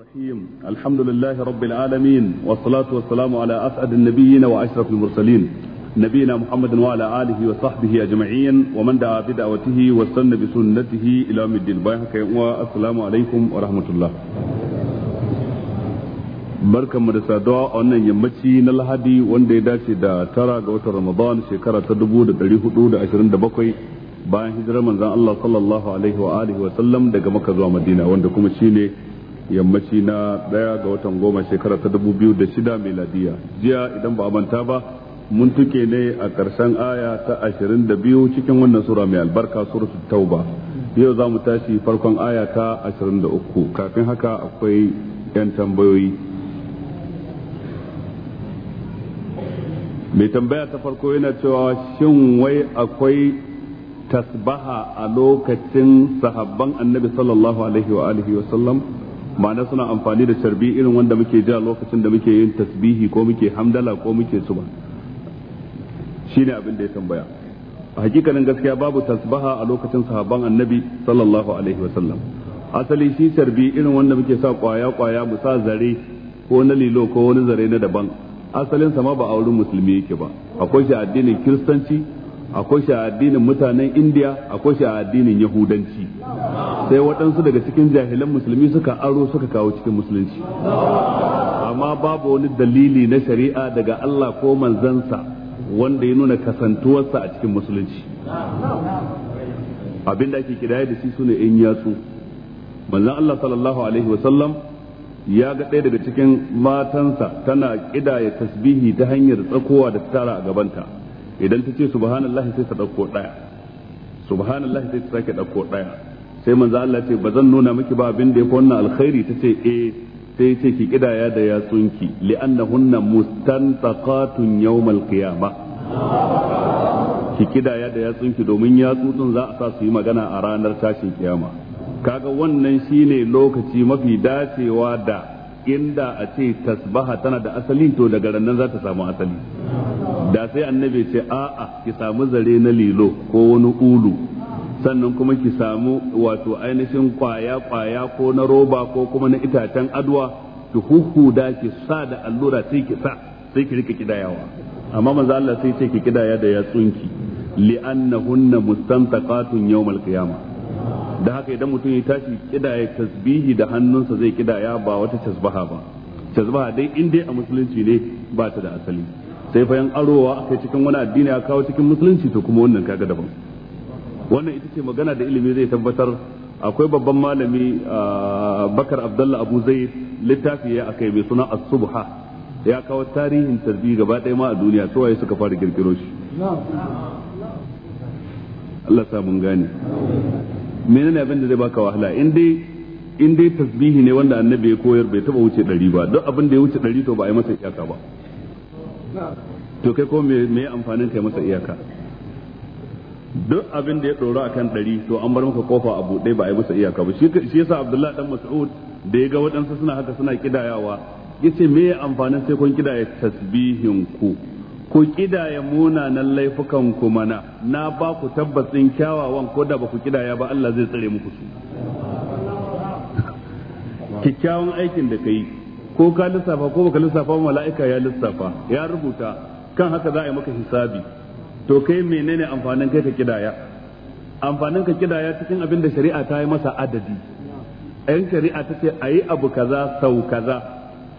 الرحيم الحمد لله رب العالمين والصلاة والسلام على أسعد النبيين وأشرف المرسلين نبينا محمد وعلى آله وصحبه أجمعين ومن دعا بدعوته واستنى بسنته إلى يوم الدين بايحك والسلام عليكم ورحمة الله barkan mu da saduwa a wannan yammaci na lahadi wanda ya dace da tara ga watan ramadan shekara ta dubu da dari hudu da ashirin da bakwai bayan hijirar manzan allah sallallahu alaihi wa wa daga maka zuwa madina wanda kuma shine yammaci na daya ga watan goma shekara ta dubu biyu da shida miladiya jiya idan ba a manta ba mun tuke ne a ƙarshen aya ta ashirin da biyu cikin wannan sura mai albarka suratu tauba yau za mu tashi farkon aya ta ashirin da uku kafin haka akwai 'yan tambayoyi mai tambaya ta farko yana cewa shin wai akwai tasbaha a lokacin sahabban annabi sallallahu alaihi wa alihi wa sallam ma'ana suna amfani da sharbi irin wanda muke a lokacin da muke yin tasbihi ko muke hamdala ko muke suba shine abin da ya tambaya a hakikanin gaskiya babu tasbaha a lokacin sahabban annabi sallallahu alaihi wasallam asali shi sharbi irin wanda muke sa kwaya kwaya mu sa zare ko na lilo ko wani zare na daban asalin sa ma ba a wurin musulmi yake ba akwai shi addinin kiristanci akwai shi a addinin mutanen indiya akwai shi a addinin yahudanci sai waɗansu daga cikin jahilan musulmi suka aro suka kawo cikin musulunci amma babu wani dalili na shari'a daga allah ko manzansa wanda ya nuna kasantuwarsa a cikin musulunci abinda ake kidaya da shi su ne 'yan yatsu manzan allah sallallahu alaihi wasallam ya ga ɗaya daga cikin matansa tana ƙidaya tasbihi ta hanyar tsakowa da tara a gabanta idan ta ce subhanallahi sai ta dauko daya subhanallahi sai ta sake dauko daya sai manzo Allah ce ba zan nuna miki ba abin da yafi wannan alkhairi tace eh sai ce ki kidaya da yatsunki annahunna mustantaqatun yawmal qiyama ki kidaya da yatsunki domin yatsutsun za a sa su yi magana a ranar tashin kiyama kaga wannan shine lokaci mafi dacewa da inda a ce tasbaha tana da asali to daga nan za ta samu asali da sai annabi ce a'a ki samu zare na lilo ko wani ulu sannan kuma ki samu wato ainihin kwaya kwaya ko na roba ko kuma na itacen adwa ki huhu da ki sa da allura sai ki sa sai ki rika kidayawa amma manzo Allah sai ce ki kidaya da yatsunki annahunna mustantaqatun yawmal qiyamah da haka idan mutum ya tashi kidaya tasbihi da hannunsa zai kidaya ba wata tasbaha ba tasbaha dai in dai a musulunci ne ba ta da asali sai fa yan arowa kai cikin wani addini a kawo cikin musulunci to kuma wannan kaga daban wannan ita ce magana da ilimi zai tabbatar akwai babban malami bakar abdullah abu zaid littafi ya akai mai suna as-subha ya kawo tarihin tarbi gaba ɗaya ma a duniya to waye suka fara kirkiro shi Allah sa mun gane menene abin da zai baka wahala in dai in dai tasbihi ne wanda annabi ya koyar bai taba wuce ɗari ba duk abin da ya wuce ɗari to ba a yi masa iyaka ba to kai ko me me amfanin kai masa iyaka duk abin da ya tsoro akan ɗari to an bar maka kofa a buɗe ba a yi masa iyaka ba shi yasa abdullahi dan mas'ud da ya ga waɗansu suna haka suna kidayawa yace me amfanin sai kun kidaya tasbihin ku ku kidaya munanan laifukan ku mana na ba ku tabbacin kyawawan ko da ba ku kidaya ba Allah zai tsare muku su kikkiawan aikin da kai ko ka lissafa ko baka lissafa mala'ika ya lissafa ya rubuta kan haka za a yi maka hisabi to kai menene amfanin kai ka kidaya amfanin ka kidaya cikin abin da shari'a ta yi masa adadi ayin shari'a ta ce ayi abu kaza sau kaza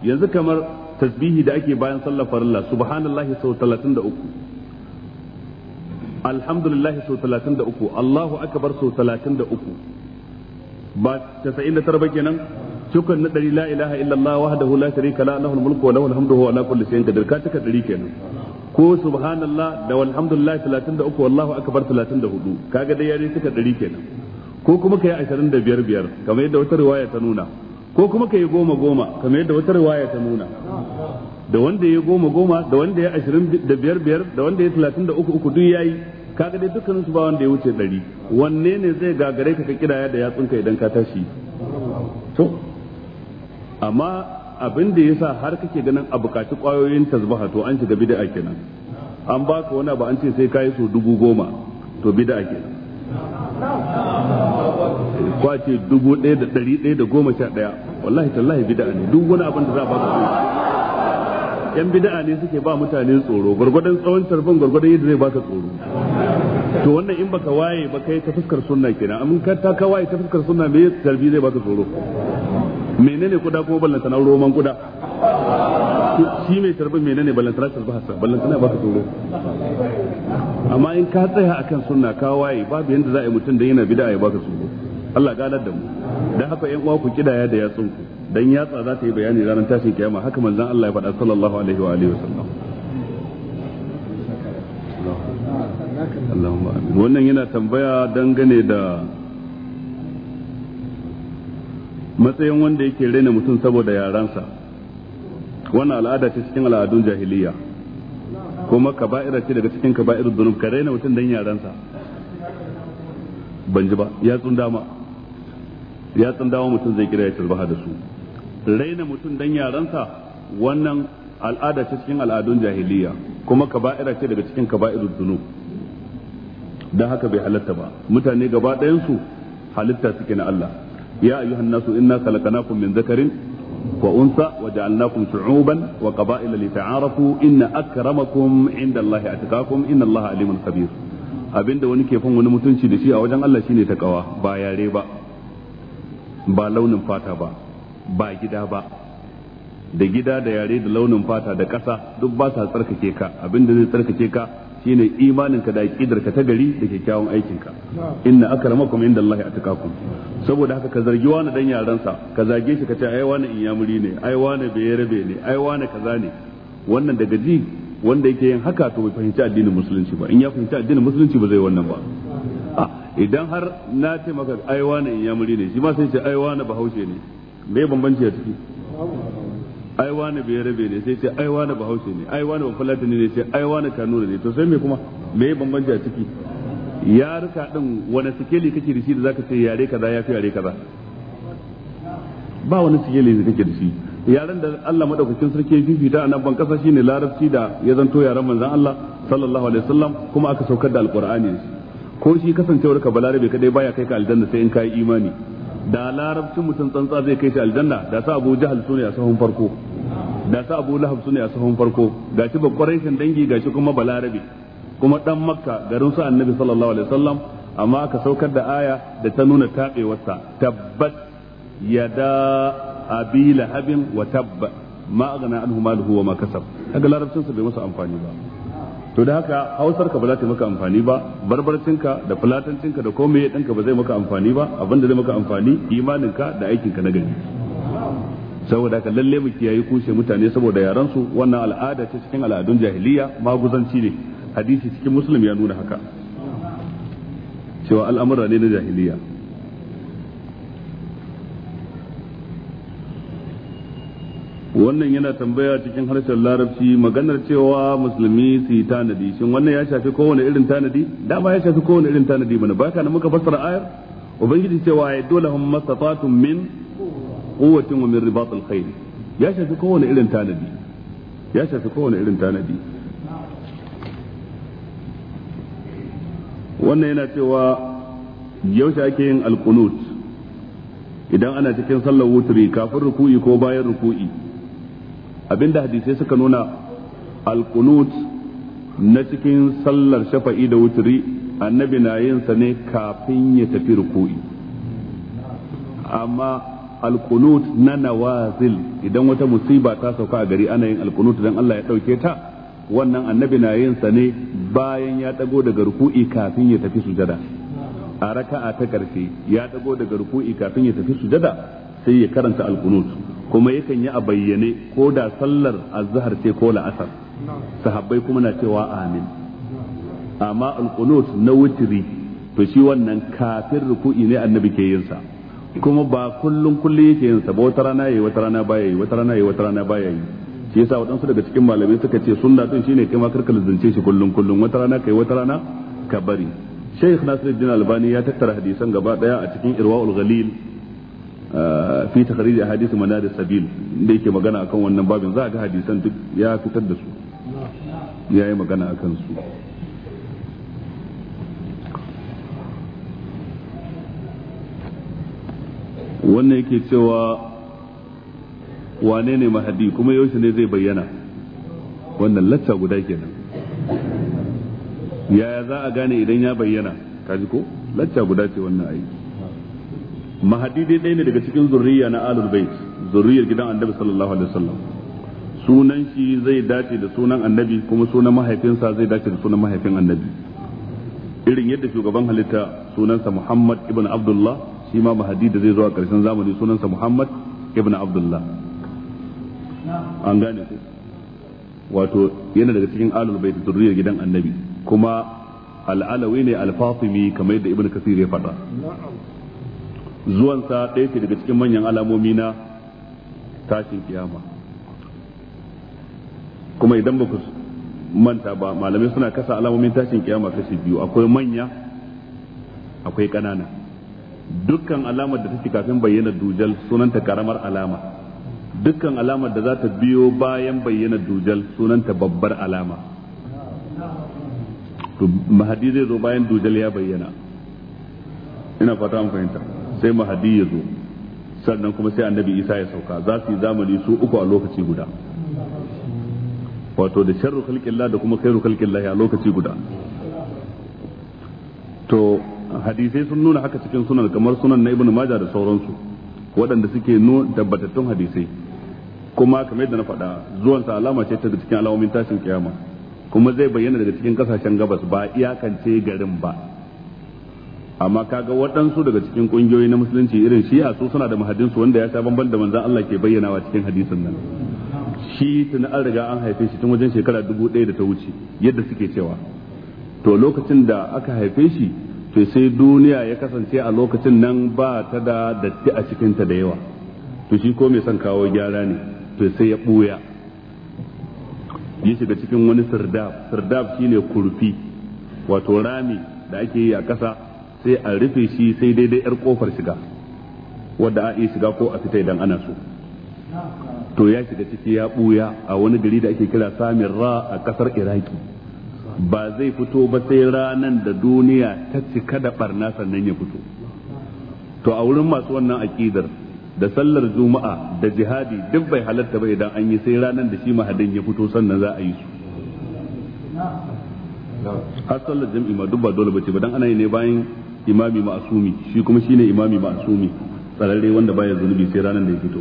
yanzu kamar tasbihi da ake bayan sallar farilla subhanallahi sau uku. alhamdulillah sau talatin da uku Allahu akbar sau talatin da uku ba tasa'in da tarba kenan cikon na dari la ilaha illallah wahdahu la sharika la lahul mulku wa lahul hamdu wa ala kulli shay'in qadir ka cika dari kenan ko subhanallah da walhamdulillah 33 wallahu akbar 34 kaga dai yare cika dari kenan ko kuma ka yi ashirin da biyar biyar kamar yadda wata riwaya ta nuna ko kuma kai goma goma kamar yadda wata riwaya ta nuna da wanda ya goma goma da wanda ya ashirin da biyar biyar da wanda ya talatin da uku uku duk yayi kaga dai dukkanin su ba wanda ya wuce 100 wanne ne zai gagare ka ka kidaya da yatsunka idan ka tashi amma abin da yasa har kake ganin a bukaci kwayoyin tasbaha to an shiga bid'a kenan an baka wani ba an ce sai kai so dubu goma to bid'a kenan kwace dubu ɗaya da ɗari ɗaya da goma sha ɗaya wallahi tallahi bid'a ne duk wani abin da za a baka yan bid'a ne suke ba mutane tsoro gwargwadon tsawon tarfin gwargwadon yadda zai baka tsoro to wannan in baka waye baka yi ta fuskar sunna kenan amma ka ta ka waye ta fuskar sunna me tarbi zai baka tsoro menene kuda kuma ballanta na roman kuda shi mai tarbi menene ballanta na tarbi hasa ballanta na baka tsoro amma in ka tsaya akan sunna ka waye babu yanda za a yi mutum da yana bid'a ya baka tsoro Allah ganar da mu dan haka yan uwa ku kidaya da yatsun ku dan yatsa za ta yi bayani ranar tashin kiyama haka manzon Allah ya faɗa sallallahu alaihi wa alihi wasallam Allahumma amin wannan yana tambaya dangane da matsayin wanda yake raina mutum saboda yaransa wannan al'ada ce cikin al'adun jahiliya kuma kaba'ira ce daga cikin kaba'ir dunub ka raina mutum dan yaransa ban ji ba ya dama ya dama mutum zai kira ya tarbaha da su raina mutum dan yaransa wannan al'ada ce cikin al'adun jahiliya kuma kaba'ira ce daga cikin kaba'ir dunub dan haka bai halatta ba mutane gaba ɗayan su halitta suke na Allah ya ayyuhan الناس inna خلقناكم min ذكر wa unsa wa وقبائل لتعارفوا wa qaba'ila عند inna akramakum indallahi الله عليم خبير alimun khabir abinda wani ke fan wani mutunci da shi a wajen Allah shine takawa ba yare ba ba launin fata ba ba gida ba da gida da yare da launin fata da ƙasa duk ba sa tsarkake ka abinda zai tsarkake ka shine imaninka da aqidarka ta gari da kyakkyawan aikinka inna akramakum indallahi atqakum saboda haka ka zargi wani dan yaransa ka zage shi ka ce ai wani inyamuri ne ai wani yarbe ne ai wani kaza ne wannan daga ji wanda yake yin haka to bai fahimci addinin musulunci ba in ya fahimci addinin musulunci ba zai wannan ba ah, idan har na ce maka ai wani ne shi ma sai ce ai wani bahaushe ne me bambanci a ciki ai wani bai rabe ne sai ce ai wani bahaushe ne ai wani bafulata ne sai ai wani kanura ne to sai me kuma me bambanci a ciki Ya rika din wani sikeli kake da shi da zaka ce yare kaza ya fi yare kaza ba wani sikeli da kake da shi yaren da Allah madaukakin sarki ya fifita a nan ban kasa shine larabci da ya zanto yaren manzon Allah sallallahu alaihi wasallam kuma aka saukar da alqur'ani ko shi kasancewar ka balarabe kadai baya kai ka aljanna sai in kai imani da larabcin mutum tsantsa zai kai shi aljanna da sa abu jahal sune a sahun farko da sa abu lahab sune a sahun farko ga ba quraishin dangi ga gashi kuma balarabe kuma dan makka garin su annabi sallallahu alaihi wasallam amma aka saukar da aya da ta nuna tabewarsa tabbat yada abi lahabin wa tabba ma aghna anhu maluhu wa ma kasab kaga larabcin sa bai masa amfani ba to da haka hausar ka ba za ta maka amfani ba barbarcinka da fulatancinka da komai ɗanka ba zai maka amfani ba abin da zai maka amfani imaninka da aikinka na gari saboda haka lalle mu kiyaye kushe mutane saboda yaran su wannan al'ada ce cikin al'adun jahiliya guzanci ne hadisi cikin muslim ya nuna haka cewa al'amura ne na jahiliya wannan yana tambaya cikin harshen larabci maganar cewa musulmi su yi tanadi shin wannan ya shafi kowane irin tanadi dama ya shafi kowane irin tanadi mana baka na muka fassara ayar ubangiji cewa ya dole hum mastata'tum min quwwatin wa min ribatil khair ya shafi kowane irin tanadi ya shafi kowane irin tanadi wannan yana cewa yaushe ake yin alqunut idan ana cikin sallar wutri kafin ruku'i ko bayan ruku'i abinda hadisai suka nuna alkunut na cikin sallar shafa'i da wuturi annabi na yin sa ne kafin ya tafi ruku'i amma alkunut na nawazil idan wata musiba ta sauka a gari ana yin alkunut dan Allah ya ɗauke ta wannan annabi na yin sa ne bayan ya dago daga ruku'i kafin ya tafi sujada a raka'a ta karshe ya dago daga ruku'i kafin ya tafi sujada sai ya karanta alkunut kuma yakan yi a bayyane ko da sallar azhar ce ko la'asar sahabbai kuma na cewa amin amma alqunut na witri to shi wannan kafin ruku'i ne annabi ke yin sa kuma ba kullun kullun yake yin sa ba wata rana yayi wata rana baya yi wata rana yayi wata rana baya yi shi yasa waɗansu daga cikin malamai suka ce sunna din shine kai ma karka zance shi kullun kullun wata rana kai wata rana ka bari Sheikh Nasiruddin Albani ya tattara hadisan gaba daya a cikin Irwaul Ghalil fi takhrij ahadith manar sabil da yake magana akan wannan babin za a ga hadisan duk ya fitar da su ya yi magana akan su wannan yake cewa wane ne mahadi kuma yaushe ne zai bayyana wannan lacca guda kenan yaya za a gane idan ya bayyana kaji ko lacca guda ce wannan aiki mahadi dai ɗaya ne daga cikin zurriya na alul bait zurriyar gidan annabi sallallahu alaihi wasallam sunan shi zai dace da sunan annabi kuma sunan mahaifinsa zai dace da sunan mahaifin annabi irin yadda shugaban halitta sunansa muhammad ibn abdullah shi ma mahadi da zai zo a ƙarshen zamani sunansa muhammad ibn abdullah an gane ku wato yana daga cikin alul bait zurriyar gidan annabi kuma al'alawi ne al-fatimi kamar yadda ibn kasir ya faɗa zuwansa ɗaya ce daga cikin manyan alamomi na tashin kiyama kuma idan ba ku manta ba malamai suna kasa alamomin tashin kiyama kashi biyu akwai manya akwai ƙanana dukkan alamar da take kafin bayyana dujal sunanta karamar alama dukkan alamar da za ta biyo bayan bayyana dujal sunanta babbar alama to mahadi zai zo bayan dujal ya bayyana ina fata an fahimta sai mahadi ya zo sannan kuma sai annabi isa ya sauka za su yi zamani su uku a lokaci guda wato da sharru khalqillah da kuma khairu khalqillah a lokaci guda to hadisai sun nuna haka cikin sunan kamar sunan na ibnu majah da sauransu waɗanda suke nuna tabbatattun hadisai kuma kamar yadda na faɗa zuwan sa alama ce ta cikin alamomin tashin kiyama kuma zai bayyana daga cikin kasashen gabas ba iyakance garin ba amma kaga waɗansu daga cikin ƙungiyoyi na musulunci irin shi'a su suna da mahadinsu wanda ya sha bamban da manzan Allah ke bayyanawa cikin hadisin nan shi tun an riga an haife shi tun wajen shekara dubu ɗaya da ta wuce yadda suke cewa to lokacin da aka haife shi to sai duniya ya kasance a lokacin nan ba ta da datti a cikinta da yawa to shi ko mai son kawo gyara ne to sai ya ɓuya ya shiga cikin wani sirdaf sirdaf shine kurfi wato rami da ake yi a ƙasa sai a rufe shi sai daidai yar kofar shiga wadda a iya shiga ko a fita idan ana so to ya shiga ciki ya buya a wani gari da ake kira samin ra a kasar iraki ba zai fito ba sai ranan da duniya ta cika da barna sannan ya fito to a wurin masu wannan aƙidar da sallar juma'a da jihadi duk bai halarta ba idan an yi sai ranan da shi mahadin ya fito sannan za a yi su har sallar jam'i ma duk ba dole bace ba dan ana yi ne bayan imami ma'asumi shi kuma shine imami ma'asumi tsararre wanda baya zunubi sai ranar da ya fito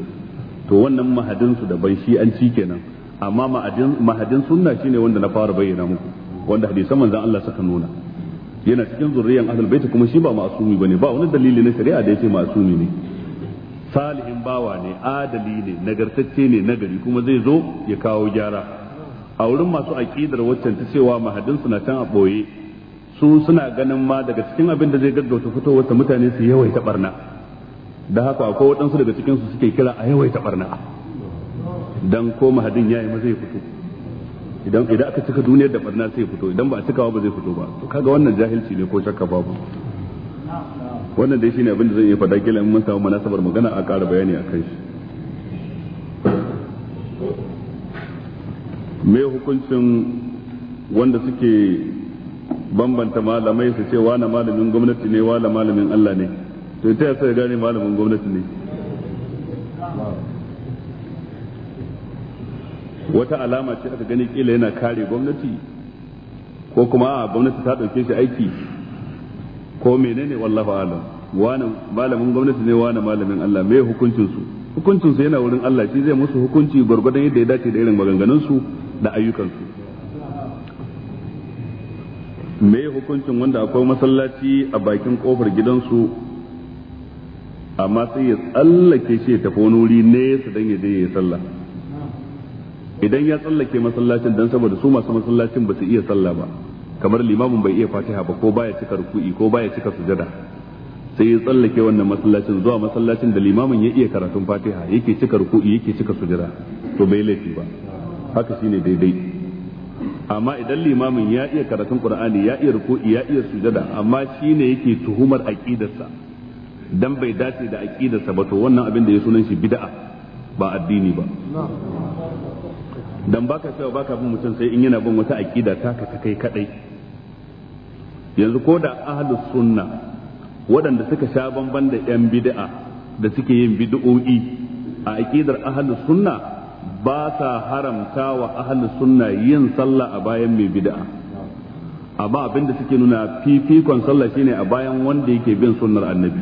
to wannan mahadin su ban shi an ci kenan amma mahadin sunna shine wanda na fara bayyana muku wanda hadisan manzon Allah suka nuna yana cikin zurriyan ahlul bait kuma shi ba ma'asumi bane ba wani dalili na shari'a da yace ma'asumi ne salihin bawa ne adali ne nagartacce ne nagari kuma zai zo ya kawo gyara a wurin masu aƙidar waccan ta cewa mahadin suna can a ɓoye su suna ganin ma daga cikin abin da zai gaggauta fitowar ta mutane su yawaita barna da haka akwai waɗansu daga cikin su suke kira a yawaita barna dan ko mahadin yayi ma zai fito idan idan aka cika duniyar da barna sai fito idan ba a cikawa ba zai fito ba to kaga wannan jahilci ne ko shakka babu wannan dai shine abin da zan iya faɗa kila in mun samu munasabar magana a ƙara bayani a kai shi me hukuncin wanda suke bambanta malamai su ce wani malamin gwamnati ne wani malamin Allah ne to ta yasa ya gane malamin gwamnati ne wata alama ce aka gani kila yana kare gwamnati ko kuma a gwamnati ta ɗauke shi aiki ko menene wallahu alam wani malamin gwamnati ne wani malamin Allah me hukuncin su hukuncin su yana wurin Allah shi zai musu hukunci gwargwadon yadda ya dace da irin maganganun su da ayyukan su me hukuncin wanda akwai masallaci a bakin kofar gidansu amma sai ya tsallake shi ya tafi wani wuri nesa don ya je ya yi sallah idan ya tsallake masallacin don saboda su masu masallacin ba su iya salla ba kamar limamin bai iya fatiha ba ko baya cika ruku'i ko baya cika sujada sai ya tsallake wannan masallacin zuwa masallacin da limamin ya iya karatun fatiha yake cika ruku'i yake cika sujada to bai laifi ba haka shine daidai amma idan limamin ya iya karatun qur'ani ya iya ruku ya iya sujada amma shine yake tuhumar aqidarsa dan bai dace da aqidarsa ba to wannan abin da ya sunan shi bid'a ba addini ba dan baka cewa baka bin mutum sai in yana bin wata aqida taka ta kai kadai yanzu ko da ahlus sunna waɗanda suka sha bamban da yan bid'a da suke yin bid'o'i a aqidar ahlus sunna ba sa haramta wa ahli sunna yin sallah a bayan mai bid'a amma abin da suke nuna fifikon sallah shine a bayan wanda yake bin sunnar annabi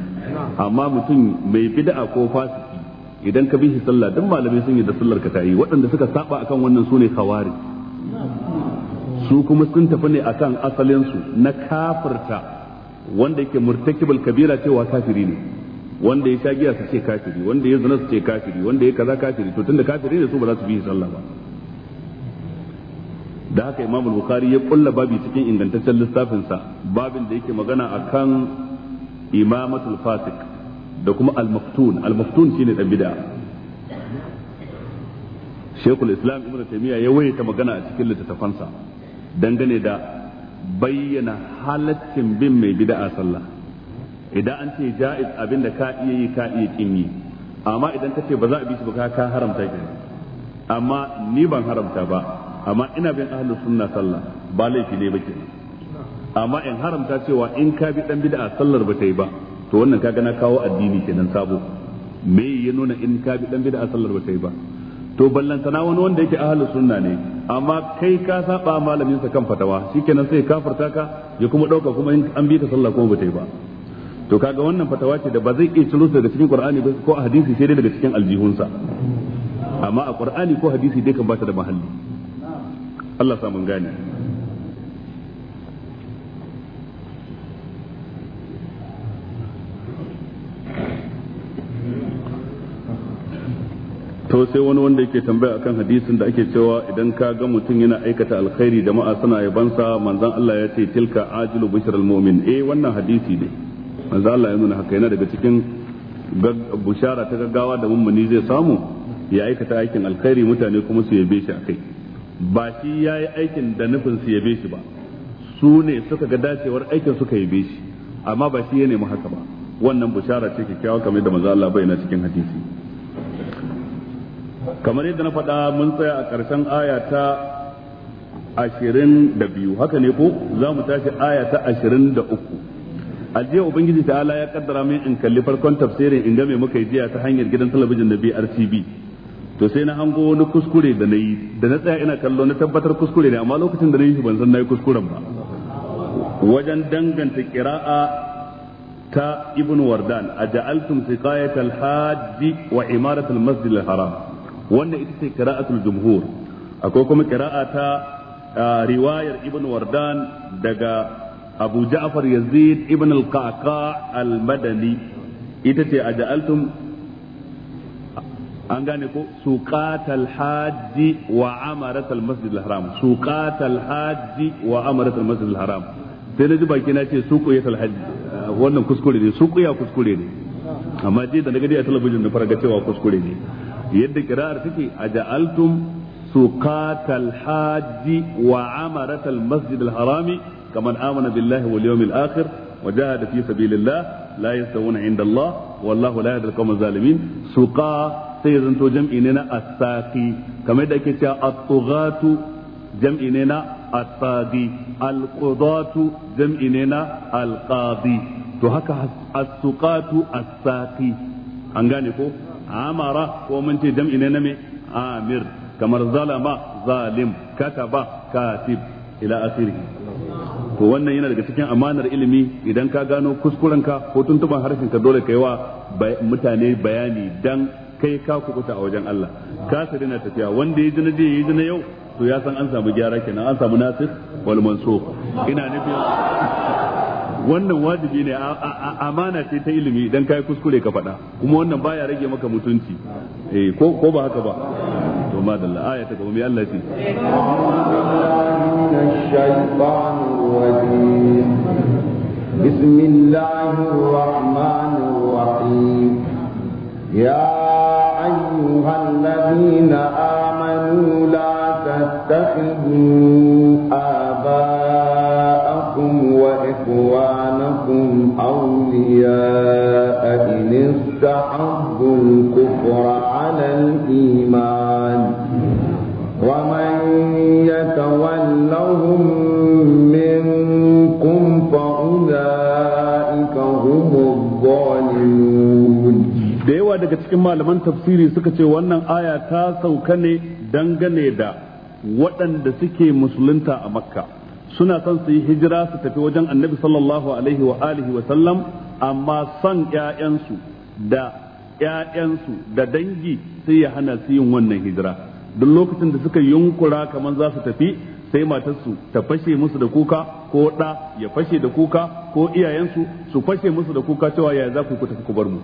amma mutum mai bid'a ko fasiki idan ka bi shi sallah duk malamai sun yi da sallar ka tayi waɗanda suka saba akan wannan sune khawari su kuma sun tafi ne akan asalin su na kafirta wanda yake murtakibul kabira cewa kafiri ne wanda ya sha giya su ce kafiri wanda ya zina su ce kafiri wanda ya kaza kafiri to tunda kafiri ne su ba za su bi sallah ba da haka imam bukhari ya kulla babi cikin ingantaccen lissafin sa babin da yake magana akan imamatul fasik da kuma al-maftun al-maftun shine dan bid'a shaykhul islam ibnu taymiya ya wayyata magana a cikin littattafansa dangane da bayyana halaccin bin mai bid'a sallah idan an ce ja'iz abin da ka iya yi ka iya kin yi amma idan ka ce ba za a bi shi ba ka haramta ki amma ni ban haramta ba amma ina bin ahlus sunna sallah ba laifi ne ba kenan amma in haramta cewa in ka bi dan bid'a sallar ba ta yi ba to wannan kaga na kawo addini kenan sabo me ya nuna in ka bi dan bid'a sallar ba ta yi ba to ballantana wani wanda yake ahlus sunna ne amma kai ka saba malamin sa kan fatawa shikenan sai kafarta ka ya kuma dauka kuma in an bi ta sallah kuma ba ta yi ba to kaga wannan fatawa ce da ba zai iya ciro su daga cikin qur'ani ba ko a hadisi sai dai daga cikin aljihunsa amma a qur'ani ko hadisi dai kan ba ta da mahalli Allah sa mun gane to sai wani wanda yake tambaya akan hadisin da ake cewa idan ka ga mutum yana aikata alkhairi jama'a suna yabansa manzon Allah ya ce tilka ajilu bishrul mu'min eh wannan hadisi ne manzo Allah ya nuna haka yana daga cikin bushara ta gaggawa da mummuni zai samu ya aikata aikin alkhairi mutane kuma su yabe shi akai ba shi yayi aikin da nufin su yabe shi ba su ne suka ga dacewar aikin suka yabe shi amma ba shi ya nemi haka ba wannan bushara ce kyakkyawa kamar da manzo Allah bayyana cikin hadisi kamar yadda na faɗa mun tsaya a ƙarshen aya ta ashirin da biyu haka ne ko za mu tashi aya ta ashirin da uku a jiya ubangiji Ala ya kaddara min in kalli farkon tafsirin in game muka yi jiya ta hanyar gidan talabijin na BRTB to sai na hango wani kuskure da nayi da na tsaya ina kallo na tabbatar kuskure ne amma lokacin da na yi shi ban san nayi kuskuren ba wajen danganta qira'a ta ibn wardan a ja'altum siqayat al-hajj wa imarat al-masjid al-haram wanda ita ce qira'atul jumhur akwai kuma qira'a ta ah, riwayar ibn wardan daga abu ja'far yazid ibn al-qaqa ita ce a an gane ko suqatal hajji wa amarat masjid hajji wa masjid sai na ji baki na ce suqiyatal hajji wannan kuskure ne suqiya kuskure ne amma je da na a talabijin da faraga cewa kuskure ne yadda kira'ar take a ja'altum suqatal hajji wa amarat masjid harami كمن آمن بالله واليوم الآخر وجاهد في سبيل الله لا يستوون عند الله والله لا يهدي القوم الظالمين سقى سيزنتو جمعي ننا الساقي كما يدعك الطغاة جمعي ننا الطاغي القضاة جمعي ننا القاضي to haka as-suqatu as-saqi an gane ko amara ko mun ce jam'i ne na me amir kamar zalama zalim kataba katib ila akhirih to wannan yana daga cikin amanar ilimi idan ka gano kuskuren ka ko tuntuban harshen ka dole ka yi wa mutane bayani dan kai ka kubuta a wajen Allah ka sa na tafiya wanda ya ji na jiya ya ji na yau to ya san an samu gyara kenan an samu nasir wal mansukh ina nufin wannan wajibi ne amana ce ta ilimi idan kai kuskure ka faɗa kuma wannan baya rage maka mutunci eh ko ko ba haka ba to madalla aya ta gaba mai Allah ce بسم الله الرحمن الرحيم يا أيها الذين آمنوا لا تتخذوا آباءكم وإخوانكم أولياء إن استحبوا الكفر على الإيمان ومن يتولهم منكم فأولئك هم الظالمون da yawa daga cikin malaman tafsiri suka ce wannan aya ta sauka ne dangane da waɗanda suke musulunta a makka suna son su yi hijira su tafi wajen annabi sallallahu alaihi wa alihi wa sallam amma son ƴaƴansu da ƴaƴansu da dangi sai ya hana su yin wannan hijira duk lokacin da suka yunkura kamar za su tafi sai matarsu ta fashe musu da kuka ko ɗa ya fashe da kuka ko iyayensu su fashe musu da kuka cewa yaya za ku ku tafi ku bar mu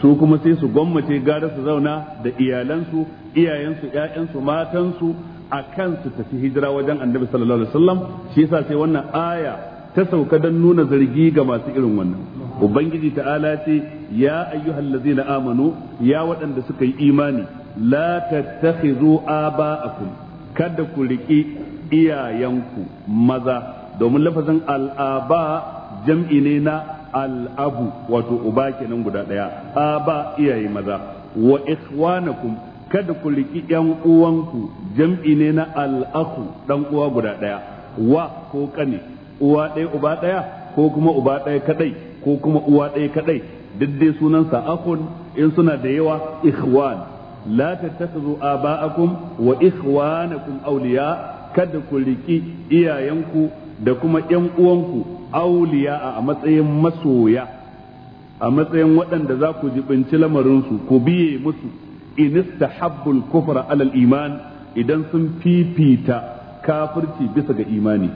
su kuma sai su gwammace gara su zauna da iyalansu iyayensu ƴaƴansu matansu akan su tafi hijira wajen annabi sallallahu alaihi wasallam shi yasa sai wannan aya ta sauka don nuna zargi ga masu irin wannan ubangiji ta'ala ce ya ayyuhal ladzina amanu ya waɗanda suka yi imani la tattakhidhu aba'akum kada ku riƙe iyayenku maza domin lafazin al'aba jam'i ne na al'abu wato uba kenan guda ɗaya aba iyaye maza wa ikhwanakum kada ku riki yan uwanku jam'i ne na al'aku ɗan uwa guda ɗaya, wa ko kane uwa ɗaya uba ɗaya ko kuma uba ɗaya kaɗai ko kuma uwa ɗaya kaɗai. duk dai sunansa akun in suna da yawa ikhwan la a aba'akum wa ikhwanakum awliya kada ku liki iyayenku da kuma yan uwanku awliya a matsayin masoya a matsayin waɗanda za ku jibinci lamarinsu ku biye musu in istahabbul kufra alal iman idan sun fifita kafirci bisa ga imani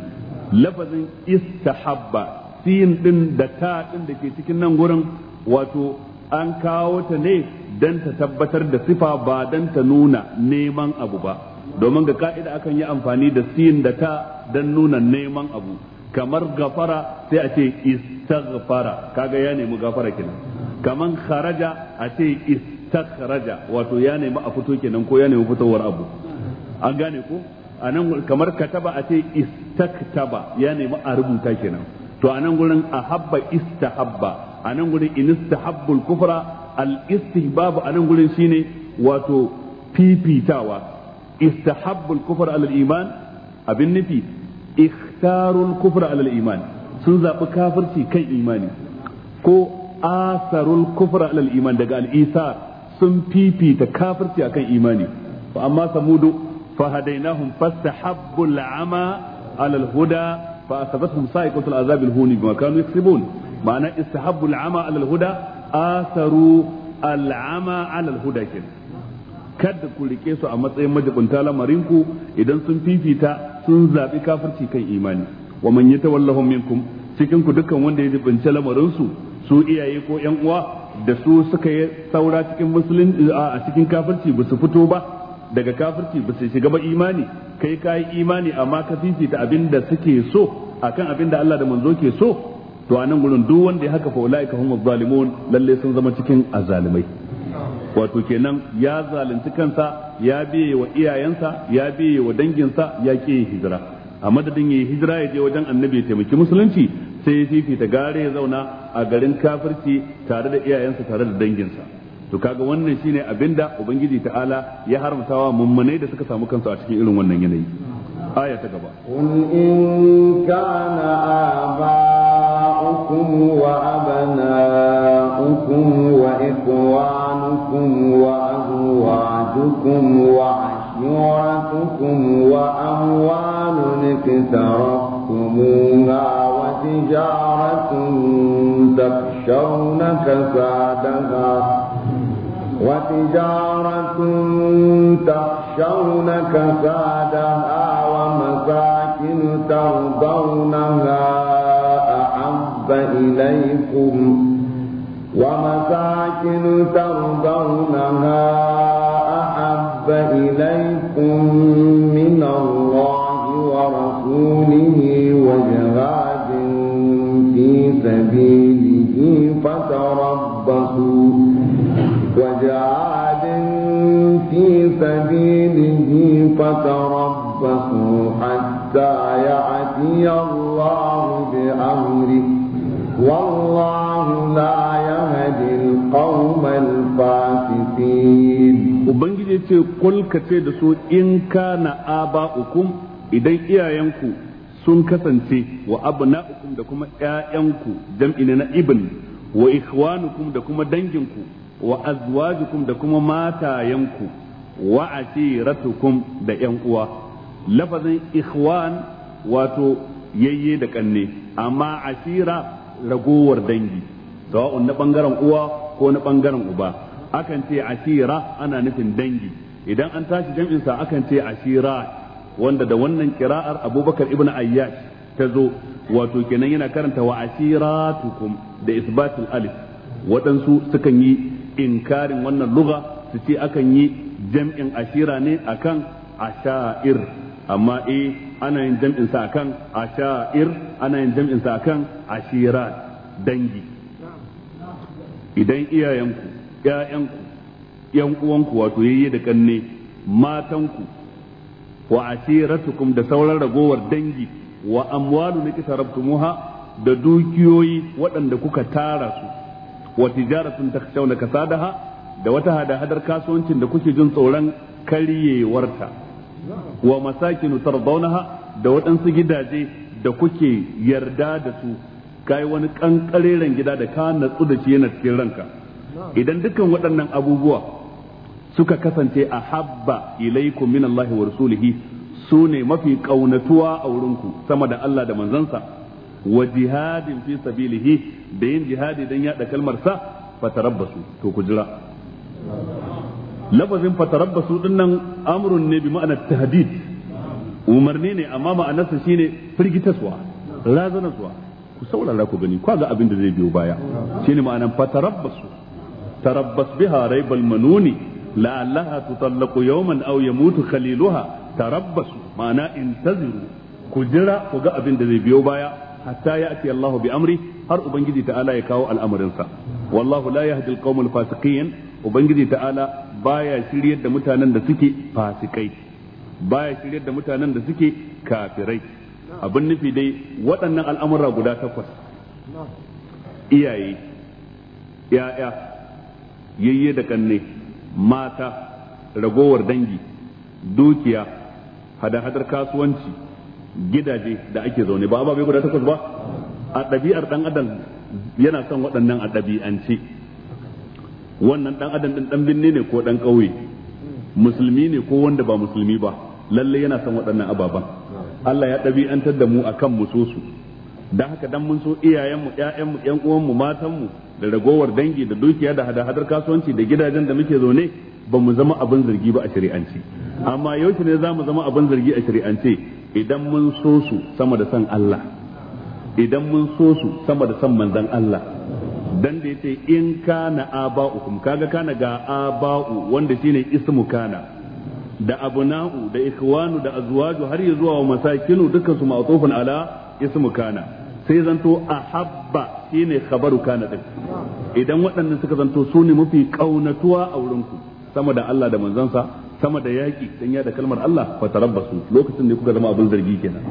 lafazin istahabba sin din da ta din da ke cikin nan gurin wato an kawo ta ne dan ta tabbatar da sifa ba dan ta nuna neman abu ba domin ga ka'ida akan yi amfani da sin da ta dan nuna neman abu kamar gafara sai a ce istaghfara kaga ya nemi gafara kenan kaman kharaja a ce is istakhraja wato ya nemi a fito kenan ko ya nemi fitowar abu an gane ko anan kamar kataba a ce istaktaba ya nemi a rubuta kenan to anan gurin ahabba istahabba anan gurin inistahabbul kufra al istihbab anan gurin shine wato fifitawa istahabbul kufra alal iman abin nufi ikhtarul kufra al iman sun zabi kafirci kan imani ko asarul kufra alal iman daga al isar sun fifita kafirci akan imani fa amma samudu fa hadainahum fastahabbu al'ama ala al-huda fa asabathum sa'iqatu al-azab al-huni bima kanu yaksibun ma'ana istahabbu al'ama ala al-huda asaru al'ama ala al-huda kin kada ku rike su a matsayin majibunta lamarin ku idan sun fifita sun zabi kafirci kan imani wa man yatawallahu minkum cikin ku dukkan wanda ya jibince lamarin su su iyaye ko yan uwa da su suka yi saura cikin musulunci a cikin kafirci ba su fito ba daga kafirci ba su shiga ba imani kai ka yi imani amma ka fifita abin da suke so akan abin da Allah da manzo ke so to a nan gurin duk wanda ya haka fa ulaika humuz zalimun lalle sun zama cikin azalimai wato kenan ya zalunci kansa ya biye wa iyayensa ya biye wa danginsa ya ke hijira a madadin ya yi hijira ya je wajen annabi ya taimaki musulunci sai ya fifita gare ya zauna a garin kafirci tare da iyayensa tare da danginsa to kaga wannan shine abinda ubangiji ta'ala ya haramta wa mummunai da suka samu kansu a cikin irin wannan yanayi aya ta gaba qul in kana aba'ukum wa abana'ukum wa ikwanukum wa azwajukum wa ashiratukum wa amwalun iktarabtumuha وتجارة تخشون كسادها وتجارة تخشون كسادها ومساكن ترضونها أحب إليكم ومساكن ترضونها أحب إليكم من الله ورسوله وجهاد سبيله فتربصوا وجعاد في سبيله فتربصوا حتى يأتي الله بأمره والله لا يهدي القوم الفاسقين Ubangiji ce قل كتير دسو إن كان آباؤكم idan iyayenku sun kasance wa abna'ukum da kuma ƴaƴanku jam'i na ibn wa ikhwanukum da kuma danginku wa azwajukum da kuma matayanku wa ashiratukum da ƴan uwa lafazin ikhwan wato yayye da kanne amma asira ragowar dangi sawa'un na bangaren uwa ko na bangaren uba akan ce asira ana nufin dangi idan an tashi jam'insa akan ce asira wanda da wannan kira'ar abubakar ibn ayyash ta zo wato kenan yana karanta wa asiratukum da isbatul alif waɗansu sukan yi inkarin wannan lugha su ce akan yi jam'in asira ne akan asha'ir amma eh ana yin jam'in sa akan asha'ir ana yin jam'in sa akan ashirat dangi idan iyayenku ƴaƴanku ƴan uwanku wato yayye da kanne matanku wa asiratukum da sauran ragowar dangi wa amwalu na sarabtumuha da dukiyoyi waɗanda kuka tara su wa tijaratun na kasadaha da wata hada-hadar kasuwancin da kuke jin tsoron karyewarta wa masakinu tardawnaha da waɗansu gidaje da kuke yarda da su kai wani kankareren gida da ka natsu da shi yana cikin ranka idan dukkan waɗannan abubuwa suka kasance a habba ilaikum min Allah wa rasulihi su ne mafi kaunatuwa a wurinku sama da Allah da manzansa wa jihadin fi sabilihi da yin jihadi dan yada kalmar sa fatarabbasu to ku jira lafazin fatarabbasu din nan amrun ne bi ma'anar tahdid umarni ne amma ma'anarsa shine firgitaswa razanaswa ku saurara ku gani kwa ga abin da zai biyo baya shine ma'anar fatarabbasu tarabbas biha raibal manuni la'allaha tutallaqu au ya mutu khaliluha tarabbasu ma'ana intaziru ku jira ku ga abin da zai biyo baya hatta ya'ti Allahu bi amri har ubangiji ta'ala ya kawo al'amarinsa wallahu la yahdi al fasiqin ubangiji ta'ala baya shiryar da mutanen da suke fasikai baya shiryar da mutanen da suke kafirai abin nufi dai waɗannan al'amura guda takwas iyaye ya'ya yayye da ƙanne. mata ragowar dangi dukiya hada-hadar kasuwanci gidaje da ake zaune ba ababe guda takwas ba a ɗabi'ar ɗan adam yana son waɗannan a ɗabi'ance wannan ɗan adam ɗin ɗan binne ne ko ɗan ƙauye musulmi ne ko wanda ba musulmi ba lalle yana son waɗannan ababen Allah ya ɗabi'antar da mu akan musosu dan haka dan mun so iyayenmu ƴaƴanmu ƴan uwanmu matanmu da ragowar dangi da dukiya da hada-hadar kasuwanci da gidajen da muke zaune ba mu zama abin zargi ba a shari'ance amma yau ne za mu zama abin zargi a shari'ance idan mun so su sama da san Allah idan mun so su sama da san manzon Allah dan da yace in kana kum kaga kana ga aba'u wanda shine ismu kana da abuna'u da ikhwanu da azwaju har ya zuwa wa masakinu dukkan su ma'tufun ala ismu kana sai zanto a habba shi ne khabaru kana din idan waɗannan suka zanto su ne mafi kaunatuwa a wurinku ku sama da Allah da manzansa sama da yaƙi dan ya da kalmar Allah fa su lokacin ne kuka zama abin zargi kenan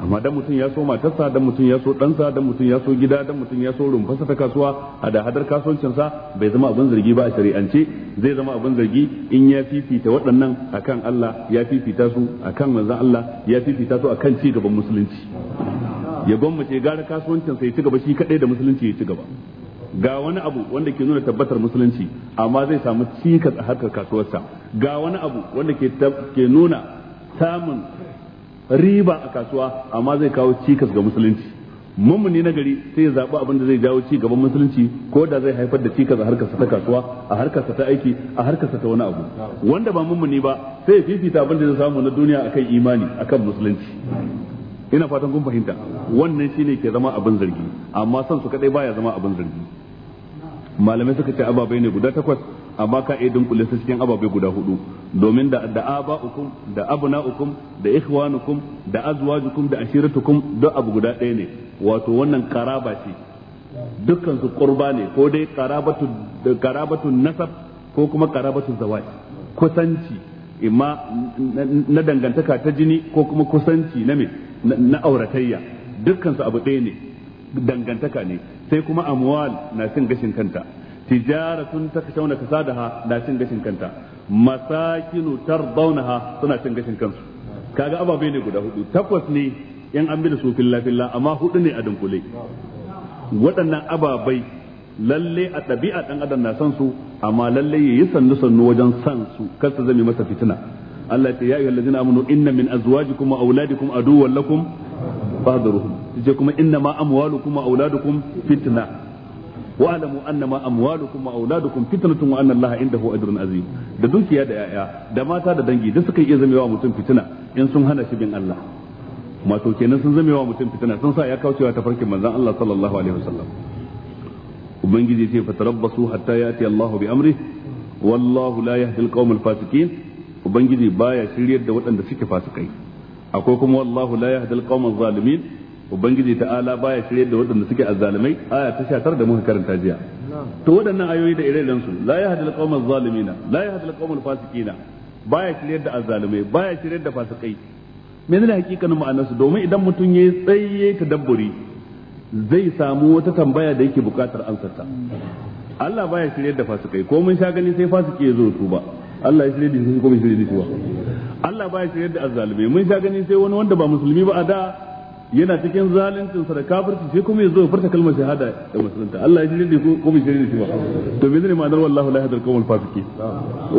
amma dan mutum ya so matarsa dan mutum ya so ɗansa dan mutum ya so gida dan mutum ya so rumfasa ta kasuwa a da hadar kasuwancinsa bai zama abin zargi ba a shari'ance zai zama abin zargi in ya fifita waɗannan akan Allah ya fifita su akan manzon Allah ya fifita su akan ci gaban musulunci ya gwammace gara kasuwancin sai ci gaba shi kadai da musulunci ya ci gaba ga wani abu wanda ke nuna tabbatar musulunci amma zai samu cikas a harkar kasuwarsa ga wani abu wanda ke nuna samun riba a kasuwa amma zai kawo cikas ga musulunci mummuni na gari sai ya zaɓi abin da zai jawo ci gaban musulunci ko da zai haifar da cikas a harkarsa ta kasuwa a harkarsa ta aiki a harkarsa ta wani abu wanda ba mummuni ba sai ya fifita abin da zai samu na duniya akan imani akan musulunci ina fatan kun fahimta wannan shine ke zama abin zargi amma san su kadai baya zama abin zargi malamai suka ce ababai ne guda takwas amma ka iya dunkule su cikin ababai guda hudu domin da da ukum da ukum da ikhwanukum da azwajukum da ashiratukum duk abu guda ɗaya ne wato wannan karaba ce dukkan su qurba ne ko dai karabatu karabatu nasab ko kuma karabatu zawaj kusanci imma na dangantaka ta jini ko kuma kusanci na me na auratayya dukkan su abu ɗaya ne dangantaka ne sai kuma amwal na cin gashin kanta tijaratun takashawna kasadaha na cin gashin kanta masakinu ha suna cin gashin kansu kaga ababe ne guda hudu takwas ne yan an bi da su filla filla amma hudu ne a dunkule waɗannan ababai lalle a ɗabi'a ɗan adam na san su amma lalle yayi sannu sannu wajen san su kar su masa fitina Allah ce ya ayyuhal ladzina amanu inna min azwajikum wa auladikum aduwwan lakum fahdaruhum sai kuma inna ma kuma wa auladukum fitna wa alamu anna ma kuma amwalukum wa auladukum fitnatun wa anna Allah indahu ajrun azim da dukiya da yaya da mata da dangi da suka iya zamewa mutum fitina in sun hana shi bin Allah mato kenan sun zamewa mutum fitina sun sa ya kaucewa ta farkin manzon Allah sallallahu alaihi wasallam ubangiji ce fa fatarabbasu hatta yati Allahu bi amri wallahu la yahdi al-qawm ubangiji baya shiryar da waɗanda suke fasikai akwai kuma wallahu la yahdi alqawma zalimin ubangiji ta'ala baya shiryar da waɗanda suke azzalimai aya ta 19 da muka karanta jiya to waɗannan ayoyi da irin su la yahdi alqawma zalimina la yahdi alqawma alfasiqina baya shiryar da azzalimai baya shiryar da fasikai menene hakikanin su domin idan mutum yayi tsaye ta dabburi zai samu wata tambaya da yake bukatar ansarta Allah baya shiryar da fasikai ko mun sha gani sai fasiki ya zo tuba Allah ya shirye dinsu ko bai shirye dinsu ba Allah ba ya shirye da azzalumai mun sha gani sai wani wanda ba musulmi ba a da yana cikin zalincin sa da kafirci sai kuma ya zo furta kalmar shahada da musulunta Allah ya shirye da su ko bai shirye dinsu ba to me zai ma'anar wallahu la yahdil qawmal fasiqin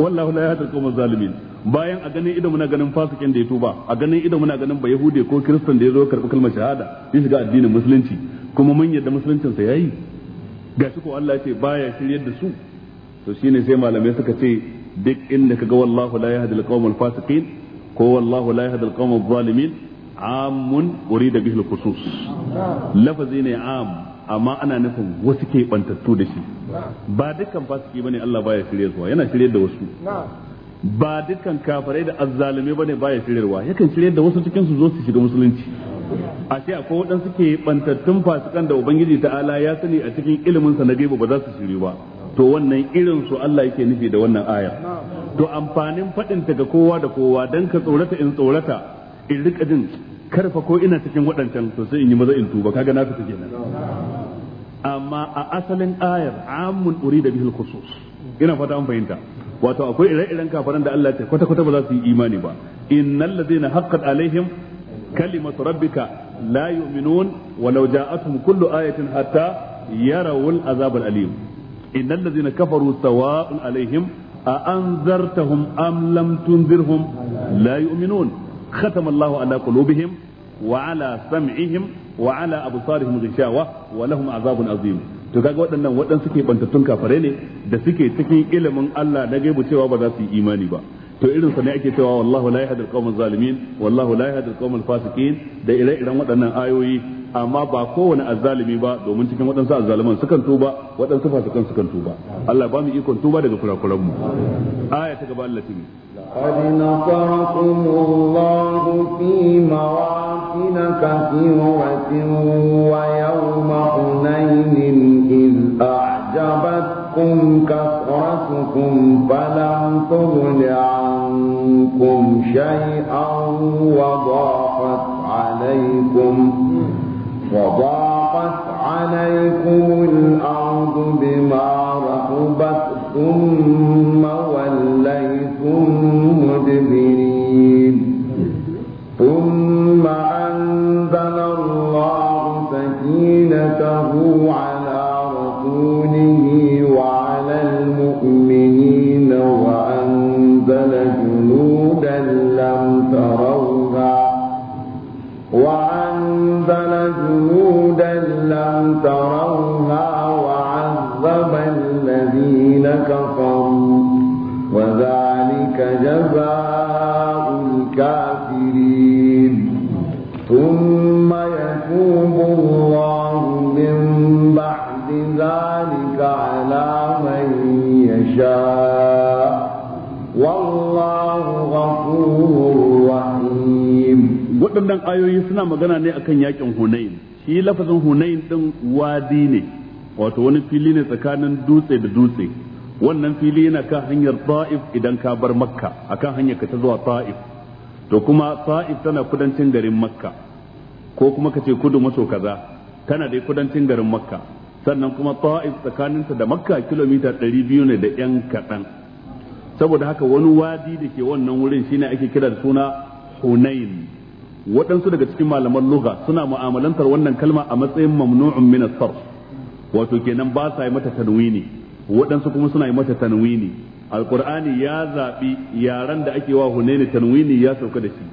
wallahu la yahdil qawmal zalimin bayan a ganin idan muna ganin fasikin da ya tuba a ganin idan muna ganin ba yahude ko kristan da ya zo karbi kalmar shahada ya shiga addinin musulunci kuma mun yadda musuluncin sa yayi gashi ko Allah ya ce baya shiryar da su to shine sai malamai suka ce duk inda kaga wallahu la yahdi al-qawm al-fasiqin ko wallahu la yahdi al-qawm al-zalimin amun urida bihi al-khusus lafazi ne am amma ana nufin wasu ke bantattu da shi ba dukkan fasiki bane Allah baya shirye su yana shirye da wasu ba dukkan kafirai da azzalume bane baya shiryarwa yakan shirye da wasu cikin su zo su shiga musulunci a ce akwai waɗansu ke bantattun fasikan da ubangiji ta'ala ya sani a cikin ilimin sa na gaibu ba za su shiri ba to wannan irin su Allah yake nufi da wannan aya to amfanin faɗin ta ga kowa da kowa dan ka tsorata in tsorata in rika jin karfa ko ina cikin waɗancan to sai in yi maza in tuba kaga na fita kenan amma a asalin ayar amun urida bihil khusus ina fata an fahimta wato akwai ire-iren kafaran da Allah ya ce kwata-kwata ba za su yi imani ba innal ladzina haqqat alaihim kalimatu rabbika la yu'minun walau ja'atuhum kullu ayatin hatta yarawul azabar alim innal ladzina kafaru sawa'un alaihim a anzartahum am lam tunzirhum la yu'minun khatama Allahu ala qulubihim wa ala sam'ihim wa ala absarihim ghishawa wa lahum azabun azim to kaga waɗannan waɗansu ke bantattun kafare ne da suke cikin ilimin Allah na gaibu ba za su yi imani ba to irin sa ne ake cewa wallahu la yahdi al zalimin wallahu la yahdi al fasiqin da ire-iren waɗannan ayoyi amma ba kowane azzalimi ba domin cikin waɗansu azzaliman sukan tuba waɗansu fasikan sukan tuba Allah ba mu ikon tuba daga kurakuran mu aya ta gaba Allah tini قد نصركم الله في مواطن كثيرة ويوم حنين إذ أعجبتكم غرتكم كثرتكم فلم تغن عنكم شيئا وضاقت عليكم وضاقت عليكم الأرض بما رحبت ثم وليتم مدبرين ثم أنزل الله سكينته على تروها وعذب الذين كفروا وذلك جزاء الكافرين ثم يتوب الله من بعد ذلك على من يشاء والله غفور رحيم waɗannan ayoyi suna magana ne akan yakin Hunain shi lafazin hunain din wadi ne wato wani fili ne tsakanin dutse da dutse wannan fili yana kan hanyar ta'if idan ka bar makka akan hanyar ka ta zuwa ta'if to kuma ta'if tana kudancin garin makka ko kuma ka ce kudu maso kaza tana da kudancin garin makka sannan kuma ta'if tsakaninta da makka kilomita 200 ne da yan kaɗan saboda haka wani wadi da ke wannan wurin shine ake kira da suna hunain waɗansu daga cikin malaman lugha suna mu'amalantar wannan kalma a matsayin mamnu'un min as-sarf wato kenan ba sa yi mata tanwini waɗansu kuma suna yi mata tanwini alqur'ani ya zabi yaran da ake wa hunaini tanwini ya sauka da shi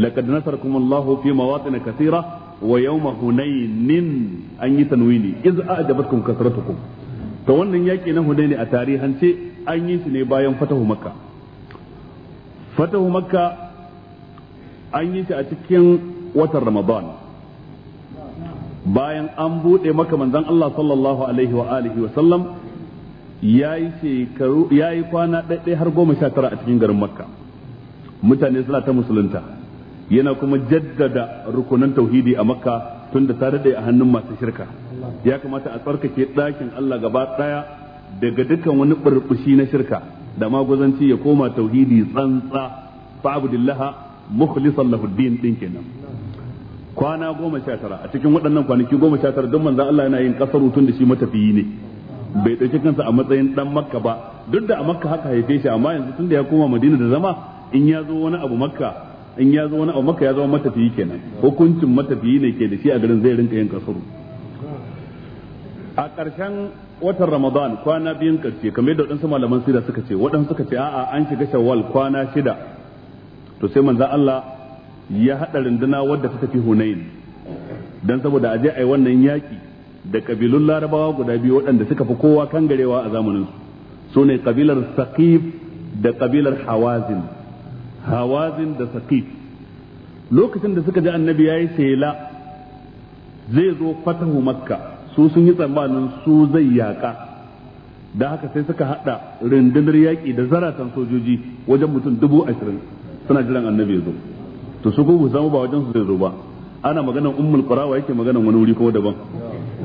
laqad nasarakum Allahu fi mawatin kathira wa yawma hunainin an yi tanwini iz a'jabatkum kasratukum to wannan yaki na hunaini a tarihance an yi shi ne bayan fatahu makka fatahu makka an yi shi a cikin watan ramadan bayan an buɗe maka manzon Allah sallallahu alaihi wa alihi wa sallam yayi shekaru yayi kwana ɗaya har goma sha tara a cikin garin makka mutane suna ta musulunta yana kuma jaddada rukunan tauhidi a makka tun da ta daɗe a hannun masu shirka ya kamata a tsarkake ɗakin Allah gaba ɗaya daga dukkan wani burbushi na shirka da magwazanci ya koma tauhidi tsantsa fa'budillaha mukhlisan lahu din din kenan kwana goma sha tara a cikin waɗannan kwanaki goma sha tara don manzo Allah yana yin kasaru tun da shi matafiyi ne bai ɗauki kansa a matsayin dan makka ba duk da a makka haka haife shi amma yanzu tun da ya koma madina da zama in ya zo wani abu makka in ya zo wani abu makka ya zama matafiyi kenan hukuncin matafiyi ne ke da shi a garin zai rinka yin kasaru a ƙarshen watan ramadan kwana biyun ƙarshe kamar yadda waɗansu malaman sira suka ce waɗansu suka ce a'a an shiga shawwal kwana shida to sai manzan Allah ya haɗa runduna wadda ta tafi Hunain dan saboda aje ai wannan yaki da ƙabilun Larabawa guda biyu waɗanda suka fi kowa kan garewa a zamanin su ne kabilar Saqif da ƙabilar Hawazin Hawazin da Saqif lokacin da suka ji annabi yayi sela zai zo fatahu makka su sun yi tsammanin su zai yaka da haka sai suka haɗa rundunar yaƙi da zaratan sojoji wajen mutum dubu ashirin suna jiran annabi ya zo to su ko zama ba wajen su zai zo ba ana maganar ummul qura wa yake maganar wani wuri ko daban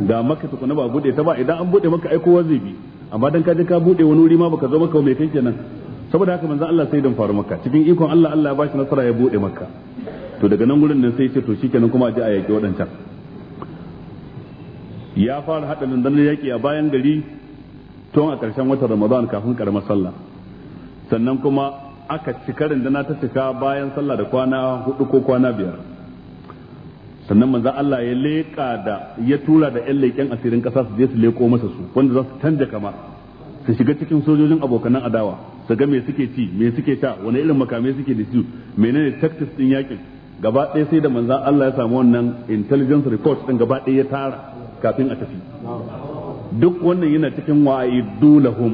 ga maka tukuna ba bude ta ba idan an bude maka ai kowa zai bi amma dan ka je ka bude wani wuri ma baka zo maka mai kai nan saboda haka manzo Allah sai dan faru maka cikin ikon Allah Allah ya bashi nasara ya bude maka to daga nan gurin nan sai ce to shikenan kuma a a yaki waɗancan ya fara hada dan yaki a bayan gari tun a karshen watan Ramadan kafin karamar sallah sannan kuma aka cika rindana ta cika bayan sallah da kwana hudu ko kwana biyar sannan manzan Allah ya leƙa da ya tura da ƴan leƙen asirin ƙasa su je su leƙo masa su wanda za su canja kama su shiga cikin sojojin abokanan adawa su ga me suke ci me suke ta wani irin makamai suke da su menene tactics din yakin gaba ɗaya sai da manzan Allah ya samu wannan intelligence report din gaba ɗaya ya tara kafin a tafi duk wannan yana cikin lahum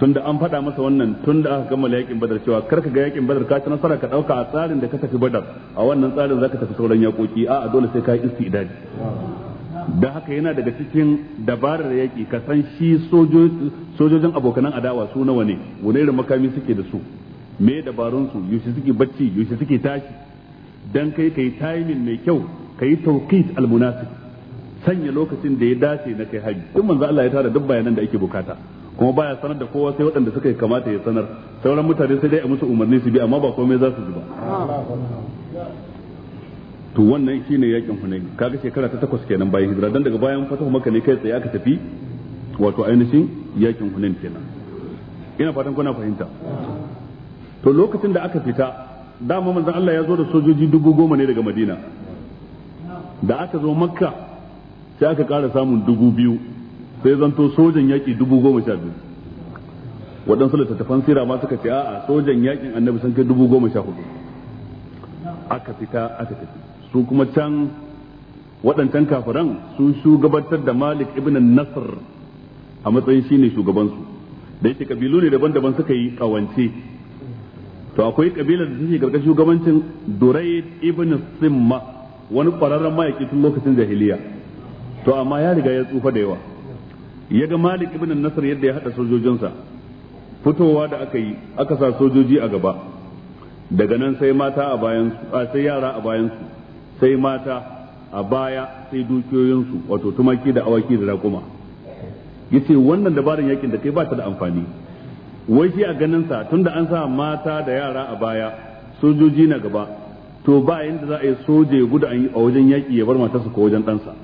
tunda an faɗa masa wannan tunda aka kammala yakin badar cewa kar ka ga yakin badar ka ci nasara ka ɗauka a tsarin da ka tafi badar a wannan tsarin zaka tafi sauran yakoki a dole sai ka yi istidadi da haka yana daga cikin dabarar yaki ka san shi sojojin abokanan adawa su nawa ne wani irin makami suke da su me dabarun su yaushe suke bacci yaushe suke tashi dan kai kai timing mai kyau kai tawqit almunasib sanya lokacin da ya dace na kai haji duk manzo Allah ya tara duk bayanan da ake bukata kuma baya sanar da kowa sai waɗanda suka kamata ya sanar sauran mutane sai dai a musu umarni su bi amma ba komai za su ji ba to wannan shine yakin hunain kaga shekara ta takwas kenan bayan hijira dan daga bayan fatahu makka ne kai tsaye aka tafi wato ainihin yakin hunain kenan ina fatan kuna fahimta to lokacin da aka fita dama manzon Allah ya zo da sojoji dubu goma ne daga Madina da aka zo makka sai aka ƙara samun dubu biyu sai zanto sojan yaƙi dubu goma sha biyu waɗansu littattafan sira ma suka ce a'a sojan yaƙin annabi sun kai dubu goma sha hudu aka fita aka tafi su kuma can waɗancan kafiran sun shugabantar da malik ibn nasr a matsayin shine shugabansu da yake kabilu ne daban-daban suka yi kawance to akwai kabilar da suke karkashin shugabancin durayd ibn simma wani kwararren mayaki tun lokacin jahiliya to amma ya riga ya tsufa da yawa ya ga malik ibn nasr yadda ya hada sojojinsa fitowa da aka yi aka sa sojoji a gaba daga nan sai mata a bayan sai yara a bayan su sai mata a baya sai dukiyoyinsu wato tumaki da awaki da raƙuma yace wannan dabarin yakin da kai ba ta da amfani wai shi a ganin sa tunda an sa mata da yara a baya sojoji na gaba to ba yanda za a yi soja ya gudu a wajen yaƙi ya bar matarsa ko wajen ɗansa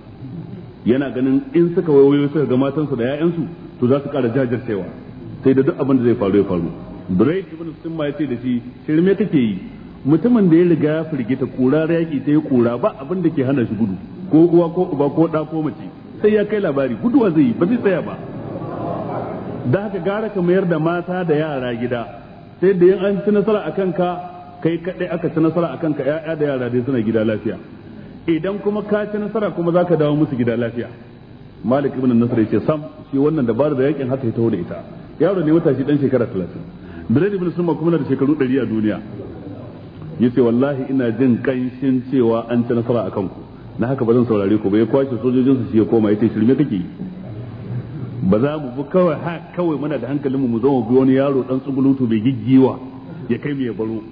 yana ganin in suka wayoyi suka ga matansu da 'ya'yansu to za su ƙara jajircewa sai da duk abin da zai faru ya faru Bright ibn Simma ya ce da shi shirme take yi mutumin da ya riga ya firgita kura yaki ta yi kura ba abin da ke hana shi gudu ko uwa ko uba ko ɗa ko mace sai ya kai labari guduwa zai yi ba zai tsaya ba da haka gara ka mayar da mata da yara gida sai da yin an ci nasara a kanka kai kaɗai aka ci nasara a kanka 'ya'ya da yara dai suna gida lafiya idan kuma ka ci nasara kuma za ka dawo musu gida lafiya malik ibn nasr yace sam shi wannan da bar da yakin haka ya taho da ita yaro ne wata shi dan shekara 30 bilal ibn summa kuma na da shekaru 100 a duniya yace wallahi ina jin kanshin cewa an ci nasara akan ku na haka ba zan saurare ku ba ya kwashe sojojin su shi ya koma yace shirme kake ba za mu bi kawai ha kawai muna da hankalin mu mu zo mu bi wani yaro dan tsugulutu bai giggiwa ya kai mu ya baro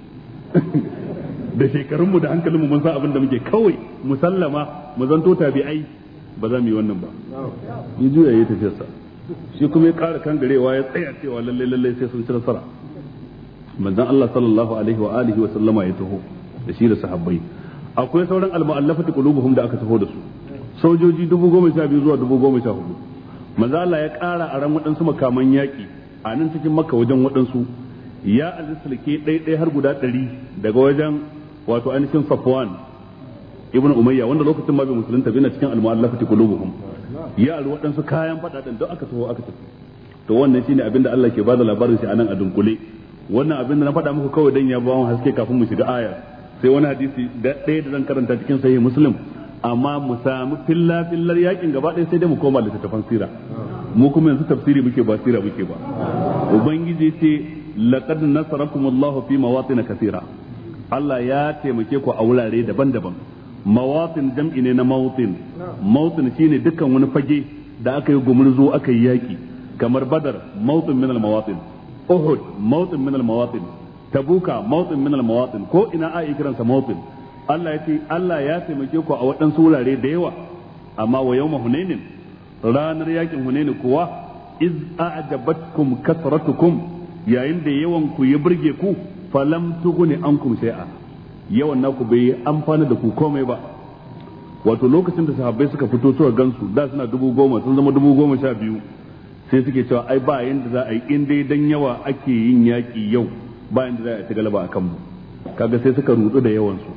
da shekarun mu da hankalin mu mun san abin da muke kawai musallama mu zanto tabi'ai ba za mu yi wannan ba ya juya ya tafiyar sa shi kuma ya ƙara kan garewa ya tsaya cewa lalle lallai sai sun ci nasara manzon Allah sallallahu alaihi wa alihi wa sallama ya taho da shi da sahabbai akwai sauran al qulubuhum da aka taho da su sojoji dubu goma sha biyu zuwa dubu goma sha hudu manzo Allah ya ƙara a ran waɗansu makaman yaƙi a nan cikin maka wajen waɗansu ya alisalke ɗaiɗai har guda ɗari daga wajen wato ainihin safwan ibn umayya wanda lokacin ma bai musulunta bai na cikin almu'allafati qulubuhum ya al waɗansu kayan fada din don aka taho aka tafi to wannan shine abin da Allah ke bada labarin shi anan a dunkule wannan abin da na fada muku kawai dan ya ba mu haske kafin mu shiga aya sai wani hadisi da ɗaya da zan karanta cikin sahih muslim amma mu samu filla fillar yakin gaba ɗaya sai dai mu koma littattafan sira mu kuma yanzu tafsiri muke ba sira muke ba ubangiji ce laqad nasarakumullahu fi mawatin kathira Allah ya taimake ku a wurare daban-daban mawatin jam'i ne na mautin mautin shine dukkan wani fage da aka yi gumurzo aka yi yaki kamar badar mautin min al-mawatin uhud mautin min mawatin tabuka mautin min mawatin ko ina a kiransa mautin Allah ya Allah ya taimake ku a waɗansu wurare da yawa amma wa yawma hunainin ranar yakin hunaini kuwa iz a'jabatkum kasratukum yayin da yawan ku ya burge ku falam tuguni ankum shay'a yawan naku bai amfana da ku komai ba wato lokacin da sahabbai suka fito suka gansu da suna dubu goma sun zama dubu goma sha biyu sai suke cewa ai ba yanda za a yi in dai dan yawa ake yin yaki yau ba yanda za a ci galaba a kanmu kaga sai suka rudu da yawan su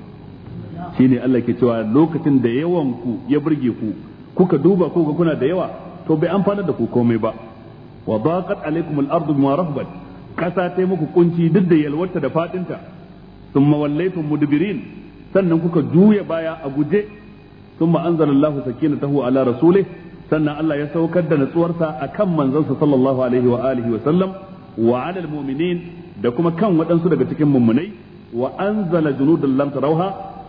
shine Allah ke cewa lokacin da yawan ku ya burge ku kuka duba ko kuna da yawa to bai amfana da ku komai ba wa baqat alaikumul ardu bima rahbat kasa ta muku kunci duk da yalwarta da fadinta thumma wallaytum mudbirin sannan kuka juya baya a guje thumma Sakina Tahu ala rasulih sannan Allah ya saukar da natsuwarsa kan manzansa sallallahu alaihi wa alihi wa sallam wa ala almu'minin da kuma kan waɗansu daga cikin mummunai wa anzala junudan lam tarawha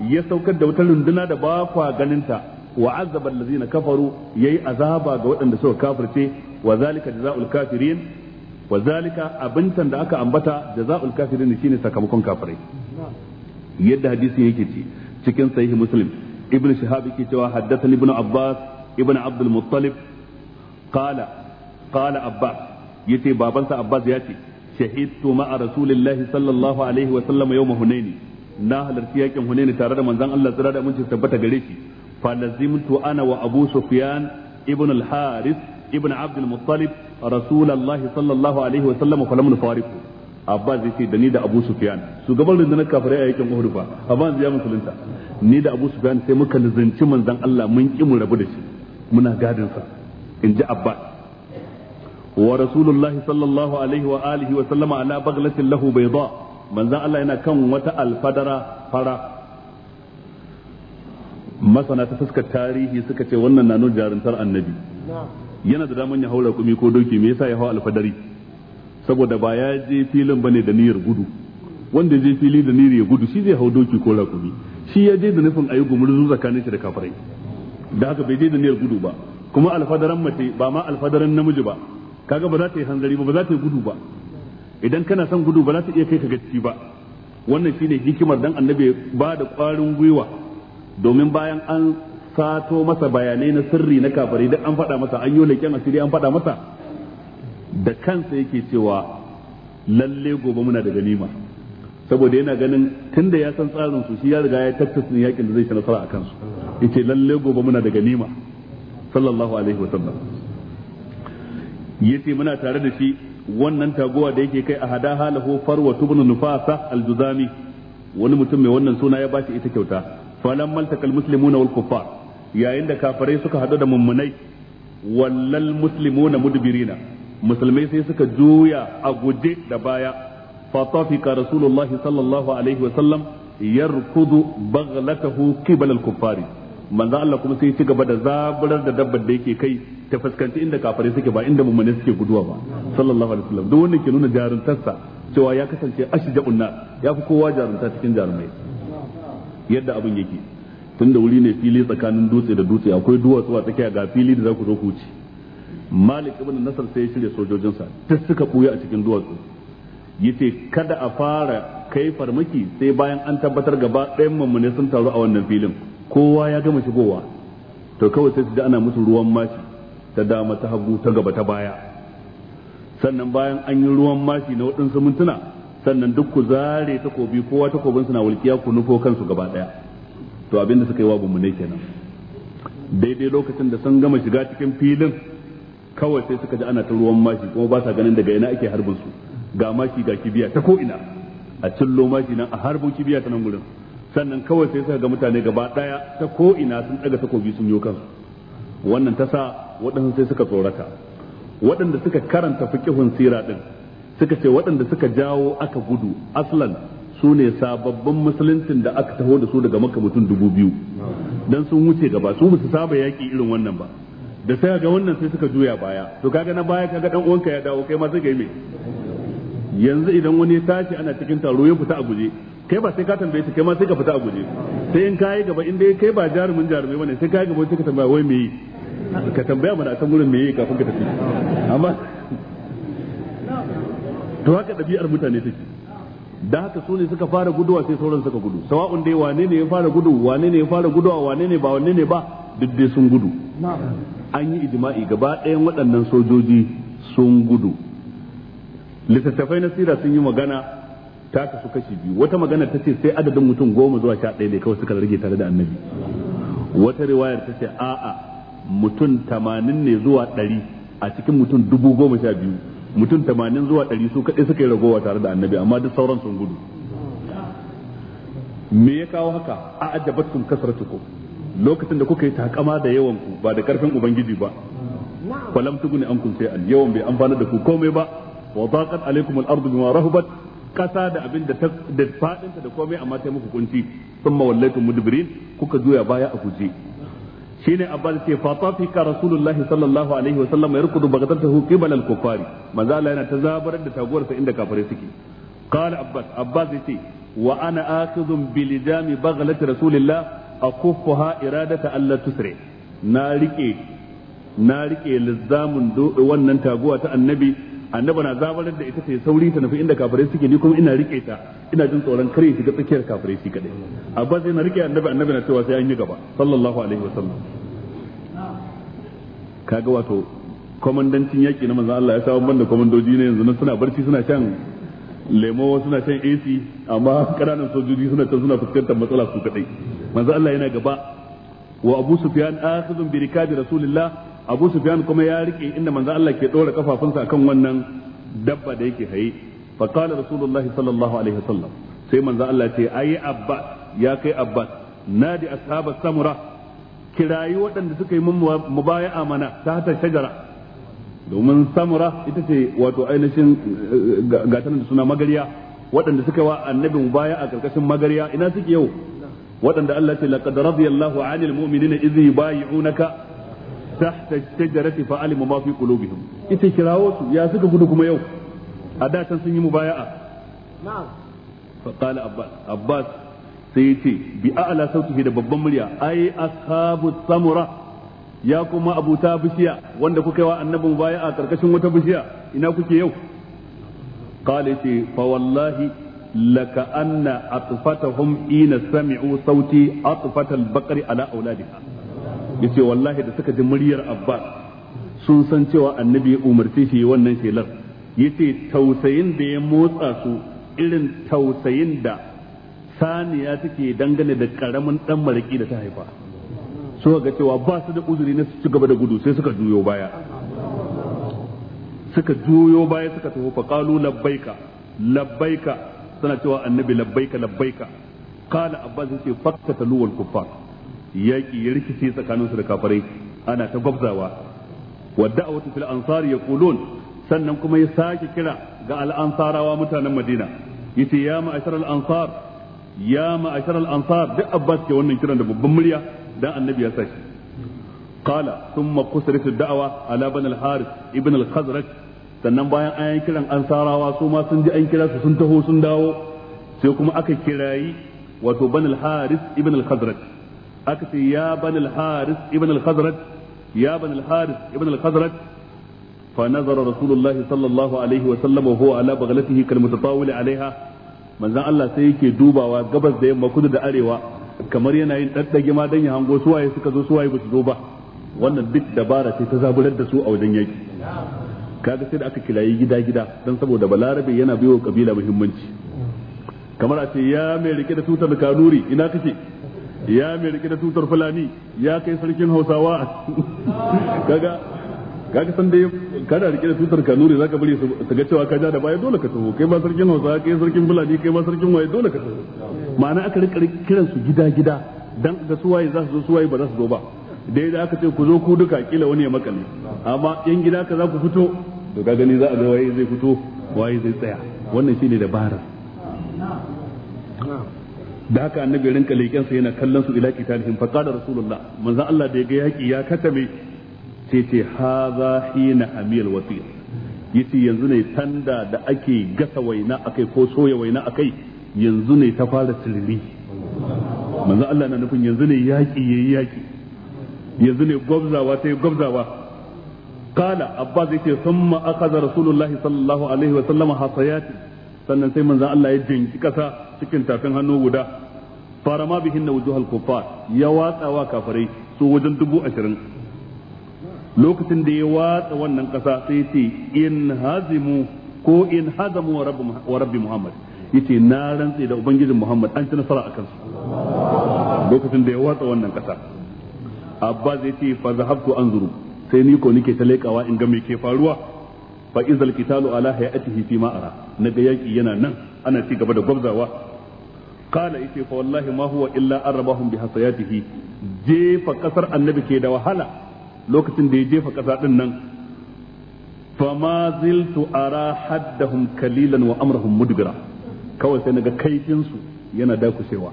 ya saukar da wata runduna da ba kwa ganinta wa azaba allazina kafaru yayi azaba ga waɗanda suka kafirce wa zalika jazaul kafirin Wazalika abincin da aka ambata jaza'ul kafirin shine sakamakon kafirai yadda hadisin yake ce cikin sahih muslim ibn shihab yake cewa haddathani abbas ibn Abdul muttalib qala qala abbas yace babansa abbas ya ce shahidtu ma'a rasulillahi sallallahu alaihi wa sallam yawm hunaini na halarci yakin hunaini tare da manzon Allah tsira da mun tabbata gare shi fa lazimtu ana wa abu sufyan ibn al haris ibn abd al-muttalib rasulullahi sallallahu alaihi wa sallam fa lam nufariqu abbas yace da ni da abu sufyan shugaban rundunar kafirai a yakin uhud fa abbas ya musulunta ni da abu sufyan sai muka nazanci manzon Allah mun ki mu rabu da shi muna gadin inji Abba. wa rasulullahi sallallahu alaihi wa alihi wa sallama ala baghlatin lahu bayda manzon Allah yana kan wata alfadara fara masana ta fuskar tarihi suka ce wannan na nuna jarumtar annabi yana da daman ya haura kumi ko doki me yasa ya hau alfadari saboda ba ya je filin bane da niyyar gudu wanda je fili da niyyar gudu shi zai hau doki ko rakumi shi ya je da nufin ayi gumurzu tsakanin shi da kafirai da haka bai je da niyyar gudu ba kuma alfadaran mace ba ma alfadaran namiji ba kaga ba za ta yi hanzari ba ba za ta yi gudu ba idan kana son gudu ba za ta iya kai ka gaci ba wannan shine hikimar dan annabi ba da kwarin gwiwa domin bayan an sato masa bayanai na sirri na kafari duk an faɗa masa an yi leƙen asiri an faɗa masa da kansa yake cewa lalle gobe muna da ganima saboda yana ganin tunda ya san tsarin su shi ya riga ya tattasin yakin da zai ci nasara a kansu yace lalle gobe muna da ganima sallallahu alaihi wasallam yace muna tare da shi wannan taguwa da yake kai a hada halahu farwa tubnu nufasa aljuzami wani mutum mai wannan suna ya bashi ita kyauta falan maltakal muslimuna wal kuffar yayin da kafirai suka hadu da mummunai wallal muslimuna mudbirina musulmai sai suka juya a guje da baya fatafika rasulullahi sallallahu alaihi wa sallam yarkudu baghlatahu qibala al-kuffari manzo Allah kuma sai ya gaba da zaburar da dabbar da yake kai ta fuskanci inda kafirai suke ba inda mummunai suke guduwa ba sallallahu alaihi wasallam duk wannan ke nuna jaruntarsa cewa ya kasance ashja'un nas ya fi kowa jarunta cikin jarumai yadda abun yake tun da wuri ne fili tsakanin dutse da dutse akwai duwatsu a tsakiya ga fili da za ku zo ku ci malik ibn nasar sai ya shirya sojojinsa ta suka buya a cikin duwatsu yace kada a fara kai farmaki sai bayan an tabbatar gaba ɗayan mummune sun taru a wannan filin kowa ya gama shigowa to kawai sai su da ana musu ruwan mashi ta dama ta hagu ta gaba ta baya sannan bayan an yi ruwan mashi na waɗansu mintuna sannan duk ku zare takobi kowa takobinsu na walƙiya ku nufo kansu gaba ɗaya to abinda suka yi wa ne kenan daidai lokacin da sun gama shiga cikin filin kawai sai suka ji ana ta ruwan mashi kuma ba sa ganin daga ina ake harbin su ga mashi ga kibiya ta ko ina a cillo mashi nan a harbin kibiya ta nan gurin sannan kawai sai suka ga mutane gaba daya ta ko ina sun daga takobi sun yi kansu wannan ta sa waɗansu sai suka tsorata waɗanda suka karanta fiƙihun sira din suka ce waɗanda suka jawo aka gudu aslan su ne sababbin musuluncin da aka taho da su daga maka mutum dubu biyu don sun wuce gaba su musu saba yaƙi irin wannan ba da sai ga wannan sai suka juya baya to kaga na baya kaga dan uwanka ya dawo kai ma sai yi me yanzu idan wani ya tashi ana cikin taro ya fita a guje kai ba sai ka tambaye shi kai ma sai ka fita a guje sai in kai gaba in dai kai ba jarumin jarumai bane sai kai gaba sai ka tambaya wai me yi ka tambaya mana san gurin me yi kafin ka tafi amma to haka dabi'ar mutane take da haka su ne suka fara guduwa sai sauran suka gudu sawa'un dai wane ne ya fara gudu wane ne ya fara guduwa wane ne ba wane ne ba duk dai sun gudu an yi ijma'i gaba ɗayan waɗannan sojoji sun gudu littattafai na sira sun yi magana ta kasu kashi biyu wata magana ta ce sai adadin mutum goma zuwa sha ɗaya ne kawai suka rage tare da annabi wata riwayar ta ce a'a mutum tamanin ne zuwa ɗari a cikin mutum dubu goma sha biyu mutum tamanin zuwa ɗari su kaɗai suka yi ragowa tare da annabi amma duk sauran sun gudu me ya kawo haka a kasar kasratukum lokacin da kuka yi takama da yawan ku ba da karfin ubangiji ba falam tuguni kun sai al yawan bai amfana da ku komai ba wa daqat alaikum al ardu bima rahabat kasa da abin da da da komai amma sai muku kunci thumma wallaitum mudbirin kuka juya baya a guje shine abbas ce fa tafika rasulullahi sallallahu alaihi wasallam yarkudu baghdatahu qibala al-kuffari manzo Allah yana tazabarar da taguwarsa inda kafirai suke qala abbas abbas yace wa ana akhidhun bi lidami baghlati rasulillah akuffaha iradata alla tusri na rike na rike lizamun wannan taguwa ta annabi annabi na zabarar da ita ce sauri ta nufi inda kafirai suke ni kuma ina rike ta ina jin tsoron kare shiga tsakiyar kafirai shi kadai Abba abbas na rike annabi annabi na cewa sai an yi gaba sallallahu alaihi wasallam kaga wato komandancin yaki na manzon Allah ya sa banda komandoji ne yanzu suna barci suna shan lemo suna shan AC amma kananan sojoji suna can suna fuskantar matsala su kadai manzon Allah yana gaba wa Abu Sufyan akhidun bi rikabi Rasulillah abu sufyan kuma ya rike inda manzo Allah ke dora kafafunsa akan wannan dabba da yake haye fa qala rasulullah sallallahu alaihi wasallam sai manzo Allah ce ayi abba ya kai abbas nadi ashabas samura kirayi waɗanda suka yi mubaya'a mana ta hata shajara domin samura ita ce wato ainihin gatanar da suna magariya waɗanda suka wa annabi mubaya'a karkashin magariya ina suke yau waɗanda Allah ce laqad radiyallahu 'anil mu'minina idh yubayi'unaka tahta shajarati fa alima ma fi qulubihim ita kirawo su ya suka gudu kuma yau a da can sun yi mubaya'a na'am fa qala abbas abbas sai yace bi a'la sautihi da babban murya ai ashabu samura ya kuma abuta bishiya wanda kuka yi wa annabi mubaya'a karkashin wata bishiya ina kuke yau qala yace fa wallahi laka anna atfatahum ina sami'u sauti atfatal baqri ala auladiha yace wallahi da suka ji muryar abbas sun san cewa annabi ya umarci shi wannan shelar yace tausayin da ya motsa su irin tausayin da saniya take dangane da karamin dan maraki da ta haifa so ga cewa ba su da uzuri na su ci gaba da gudu sai suka juyo baya suka juyo baya suka tafi fa qalu labbaika labbaika suna cewa annabi labbaika labbaika qala abbas yace faqtatalu kufar kuffar yaki ya rikice tsakaninsu da kafirai ana ta gwabzawa wadda a wata ansar ya kulon sannan kuma ya sake kira ga al'ansarawa mutanen madina yace ya ma'ashar ansar ya ma'ashar ansar duk abbas ke wannan kiran da babban murya dan annabi ya saki qala thumma qusrat ad-da'wa ala ban al-harith ibn al-khazraj sannan bayan an kiran ansarawa su ma sun ji an kira su sun taho sun dawo sai kuma aka kirayi wato ban al-harith ibn al-khazraj aka ce ya ban al-haris ibn al-khazraj ya ban al-haris ibn al-khazraj fa nazara rasulullah sallallahu alaihi wa sallam wa huwa ala baghlatihi kal mutatawil alaiha manzan Allah sai yake dubawa gabas da yamma kudu da arewa kamar yana yin daddage ma dan ya hango suwaye suka zo suwaye basu zo ba wannan duk dabara ce ta zaburar da su a wajen yaki kaga sai da aka kilayi gida gida dan saboda balarabe yana biyo kabila muhimmanci kamar a ce ya mai rike da tutar kanuri ina kake ya mai rike da tutar fulani ya kai sarkin hausawa kaga kaga san dai kada rike da tutar kanuri zaka bari su ga cewa ka ja da baya dole ka taho kai ma sarkin hausawa kai sarkin fulani kai ma sarkin waye dole ka taho ma'ana aka rika kiran su gida gida dan ga suwaye za su zo suwaye ba za su zo ba dai da aka ce ku zo ku duka kila wani ya makale amma yan gida ka za ku fito to ka gani za a ga waye zai fito waye zai tsaya wannan shine dabarar da haka annabi rinka leƙen sa yana kallon su ila qitalihim fa qala rasulullah manzo Allah da ga yaki ya katabe sai ce hadha hina amil wasir yace yanzu ne tanda da ake gasa waina akai ko soya waina akai yanzu ne ta fara sirri manzo Allah na nufin yanzu ne yaki yayi yaki yanzu ne gwabzawa sai gwabzawa kala abbas yace thumma akhadha rasulullahi sallallahu alaihi wa sallama hasayati sannan sai manzo Allah ya jinki kasa cikin tafin hannu guda farama bihin na wujuhal kufa ya watsa wa kafirai su wajen dubu ashirin lokacin da ya watsa wannan kasa sai ce in hazimu ko in hazamu wa rabbi muhammad yace na rantse da ubangijin muhammad an ci nasara akan su lokacin da ya watsa wannan kasa abbas ce fa zahabtu anzuru sai ni ko nike ta lekawa in ga me ke faruwa fa izal qitalu ala hayatihi fi ma ara naga yaki yana nan ana ci gaba da gwabzawa kala yace wallahi ma huwa illa arrabahum bi hasayatihi jefa kasar annabi ke da wahala lokacin da ya jefa kasa ɗin nan fama ziltu kalilan wa amrahum mudbira kawai sai naga kaifin su yana dakusewa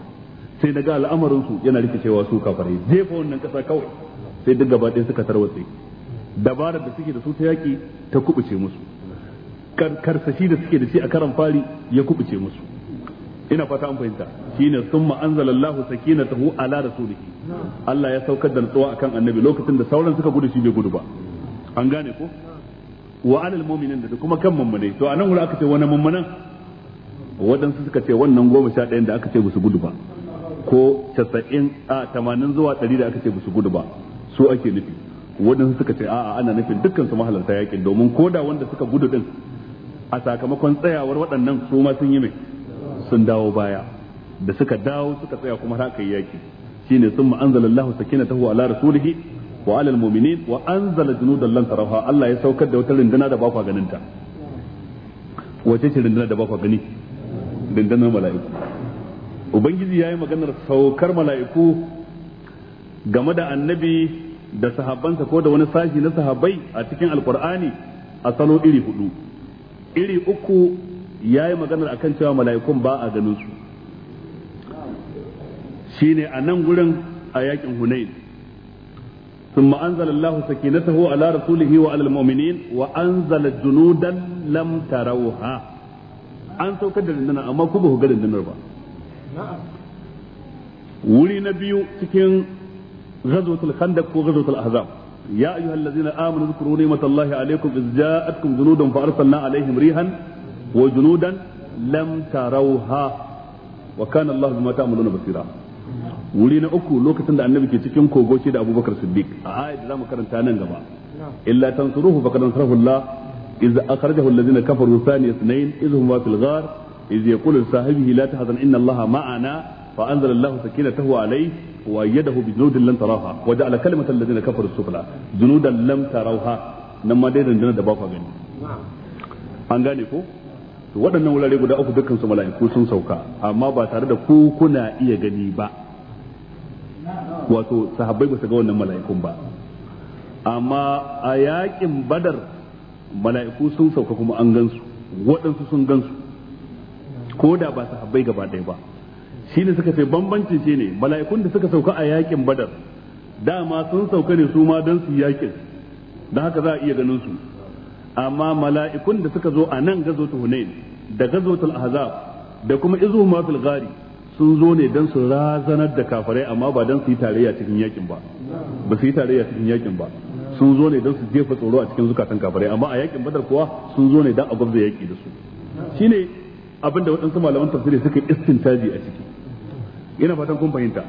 sai naga al'amarin su yana rikicewa su kafare jefa wannan kasa kawai sai duk gaba suka tarwatse dabarar da suke da su ta yaki ta kubuce musu karsashi da suke da shi a karan fari ya kubuce musu ina fata an fahimta shine summa anzalallahu sakinatahu ala rasulihi Allah ya saukar da nutsuwa akan annabi lokacin da sauran suka gudu shi bai gudu ba an gane ko wa alal mu'minin da kuma kan mummune to anan wurin aka ce wani mummunan waɗansu suka ce wannan goma sha ɗayan da aka ce su gudu ba ko casa'in a tamanin zuwa ɗari da aka ce su gudu ba su ake nufi waɗansu suka ce a'a ana nufin dukkan su mahalarta yakin domin koda wanda suka gudu din a sakamakon tsayawar waɗannan su ma sun yi mai sun dawo baya da suka dawo suka tsaya kuma haka yaki shine sun summa anzalallahu sakinatahu ala rasulihi wa ala almu'minin wa anzala junudan lan tarawha Allah ya saukar da wata rinduna da ba ganin ta wace ce rinduna da ba ku gani rindunar mala'iku ubangiji yayi maganar saukar mala'iku game da annabi da sahabbansa ko da wani sashi na sahabbai a cikin alqur'ani a salo iri hudu iri uku ya yi maganar akan cewa mala'ikun ba a ganin su shi ne a nan gurin a yakin hunain ثم أنزل الله سكينته على رسوله وعلى المؤمنين وأنزل جنودا لم تروها an saukar da rundunar amma ku ba ga rundunar ba wuri na biyu cikin ghazwatul khandaq ko ghazwatul ahzab ya ayyuhallazina amanu zkuru ni'matallahi alaykum iz ja'atkum junudan fa rihan wa junudan lam tarawha wa kana Allah bima ta'maluna basira wuri na uku lokacin da annabi ke cikin kogo shi da Abubakar Siddiq a ayat da zamu karanta nan gaba illa tansuruhu faqad ansarahu Allah iz akhrajahu alladhina kafaru thaniya ithnain iz huma fil ghar iz yaqulu sahibihi la tahzan inna Allah ma'ana fa anzala Allah sakinatahu alayhi wa yadahu bi junudin lam tarawha wa ja'ala kalimata alladhina kafaru sufla junudan lam tarawha nan ma dai rundunar da ba ku an gane ko to waɗannan wurare guda uku dukkan su mala'iku sun sauka amma ba tare da ku kuna iya gani ba wato sahabbai ba su ga wannan mala'ikun ba amma a yakin badar mala'iku sun sauka kuma an gansu waɗansu sun gansu ko da ba sahabbai gaba ɗaya ba shi ne suka ce bambancin shi ne mala'ikun da suka sauka a yakin badar dama sun sauka ne su ma don su yakin don haka za a iya ganin su amma mala'ikun da suka zo a nan gazotul hunain da gazotul ahzab da kuma izu mafil gari sun zo ne don su razanar da kafirai amma ba don su yi tarayya cikin yakin ba ba su yi tarayya cikin yakin ba sun zo ne don su jefa tsoro a cikin zukatan kafirai amma a yakin badar kuwa sun zo ne don a gwabza yaki da su shine abin da waɗansu malaman tafsiri suka istintaji a ciki ina fatan kun fahimta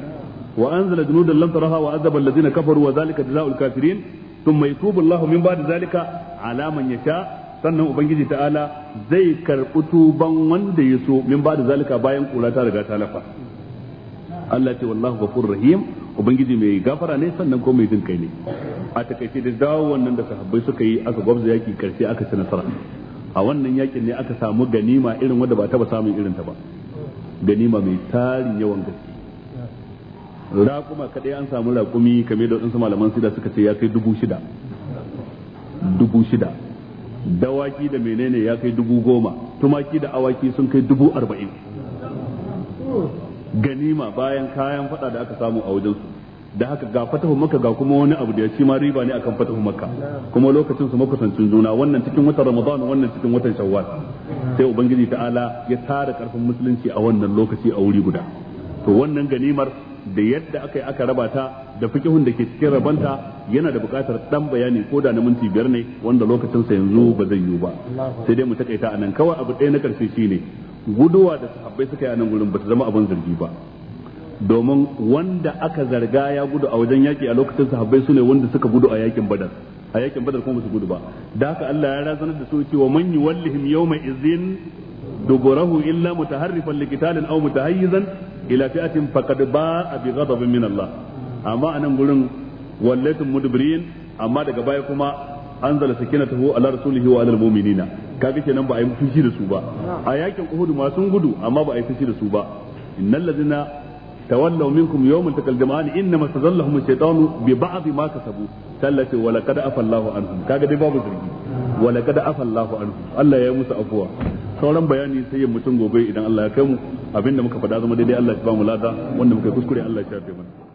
wa anzala junudan lam taraha wa azaba alladhina kafaru wa zalika jazaa'ul kafirin thumma yatubu Allahu min ba'di zalika alaman ya sha sannan ubangiji ta'ala zai karɓi tuban wanda ya so min ba da zalika bayan kula ta riga ta lafa Allah ce wallahu ghafur rahim ubangiji mai gafara ne sannan ko mai jin kai ne a takaice da dawo wannan da sahabbai suka yi aka gwabza yaki karshe aka ci nasara a wannan yakin ne aka samu ganima irin wanda ba taba samun irin ta ba ganima mai tarin yawan gaske raƙuma kaɗai an samu raƙumi kame da waɗansu malaman sida suka ce ya kai dubu shida dubu shida dawaki da menene ya kai dubu goma tumaki da awaki sun kai dubu arba'in ganima bayan kayan fada da aka samu a wajensu da haka ga fatahu maka ga kuma wani abu da ya ci ma riba ne akan fatahu maka kuma lokacin su makusancin juna wannan cikin watan ramadan wannan cikin watan shawwal sai ubangiji ta'ala ya tara karfin musulunci a wannan lokaci a wuri guda to wannan ganimar da yadda aka yi aka raba ta da fikihun da ke cikin rabanta yana da buƙatar ɗan bayani ko da na minti biyar ne wanda lokacin sa yanzu ba zai yiwu ba sai dai mu takaita anan kawai abu ɗaya na ƙarshe shine guduwa da sahabbai suka yi a nan gurin ba ta zama abin zargi ba domin wanda aka zarga ya gudu a wajen yaki a lokacin sahabbai su ne wanda suka gudu a yakin badar a yakin badar kuma su gudu ba da haka Allah ya razanar da su cewa man yuwallihim yawma izin duburahu illa mutaharrifan liqitalin aw mutahayyizan ila fi'atin faqad ba'a bi ghadabin min Allah amma anan gurin wallatun mudbirin amma daga baya kuma anzala sakinatahu ala rasulihi wa ala kaga kenan ba a yi fushi da su ba a yakin Uhud ma gudu amma ba a yi fushi da su ba tawallaw minkum yawmal taqal jama'an inna mastazallahum ash ma kasabu sallati wa laqad afa Allahu anhum kaga dai babu zargi wa laqad afa Allahu ya musu sauran bayani sai mutum gobe idan Allah ya kai mu abinda muka faɗa zama daidai Allah ya ba mu lada wanda muka kuskure Allah ya shafe mana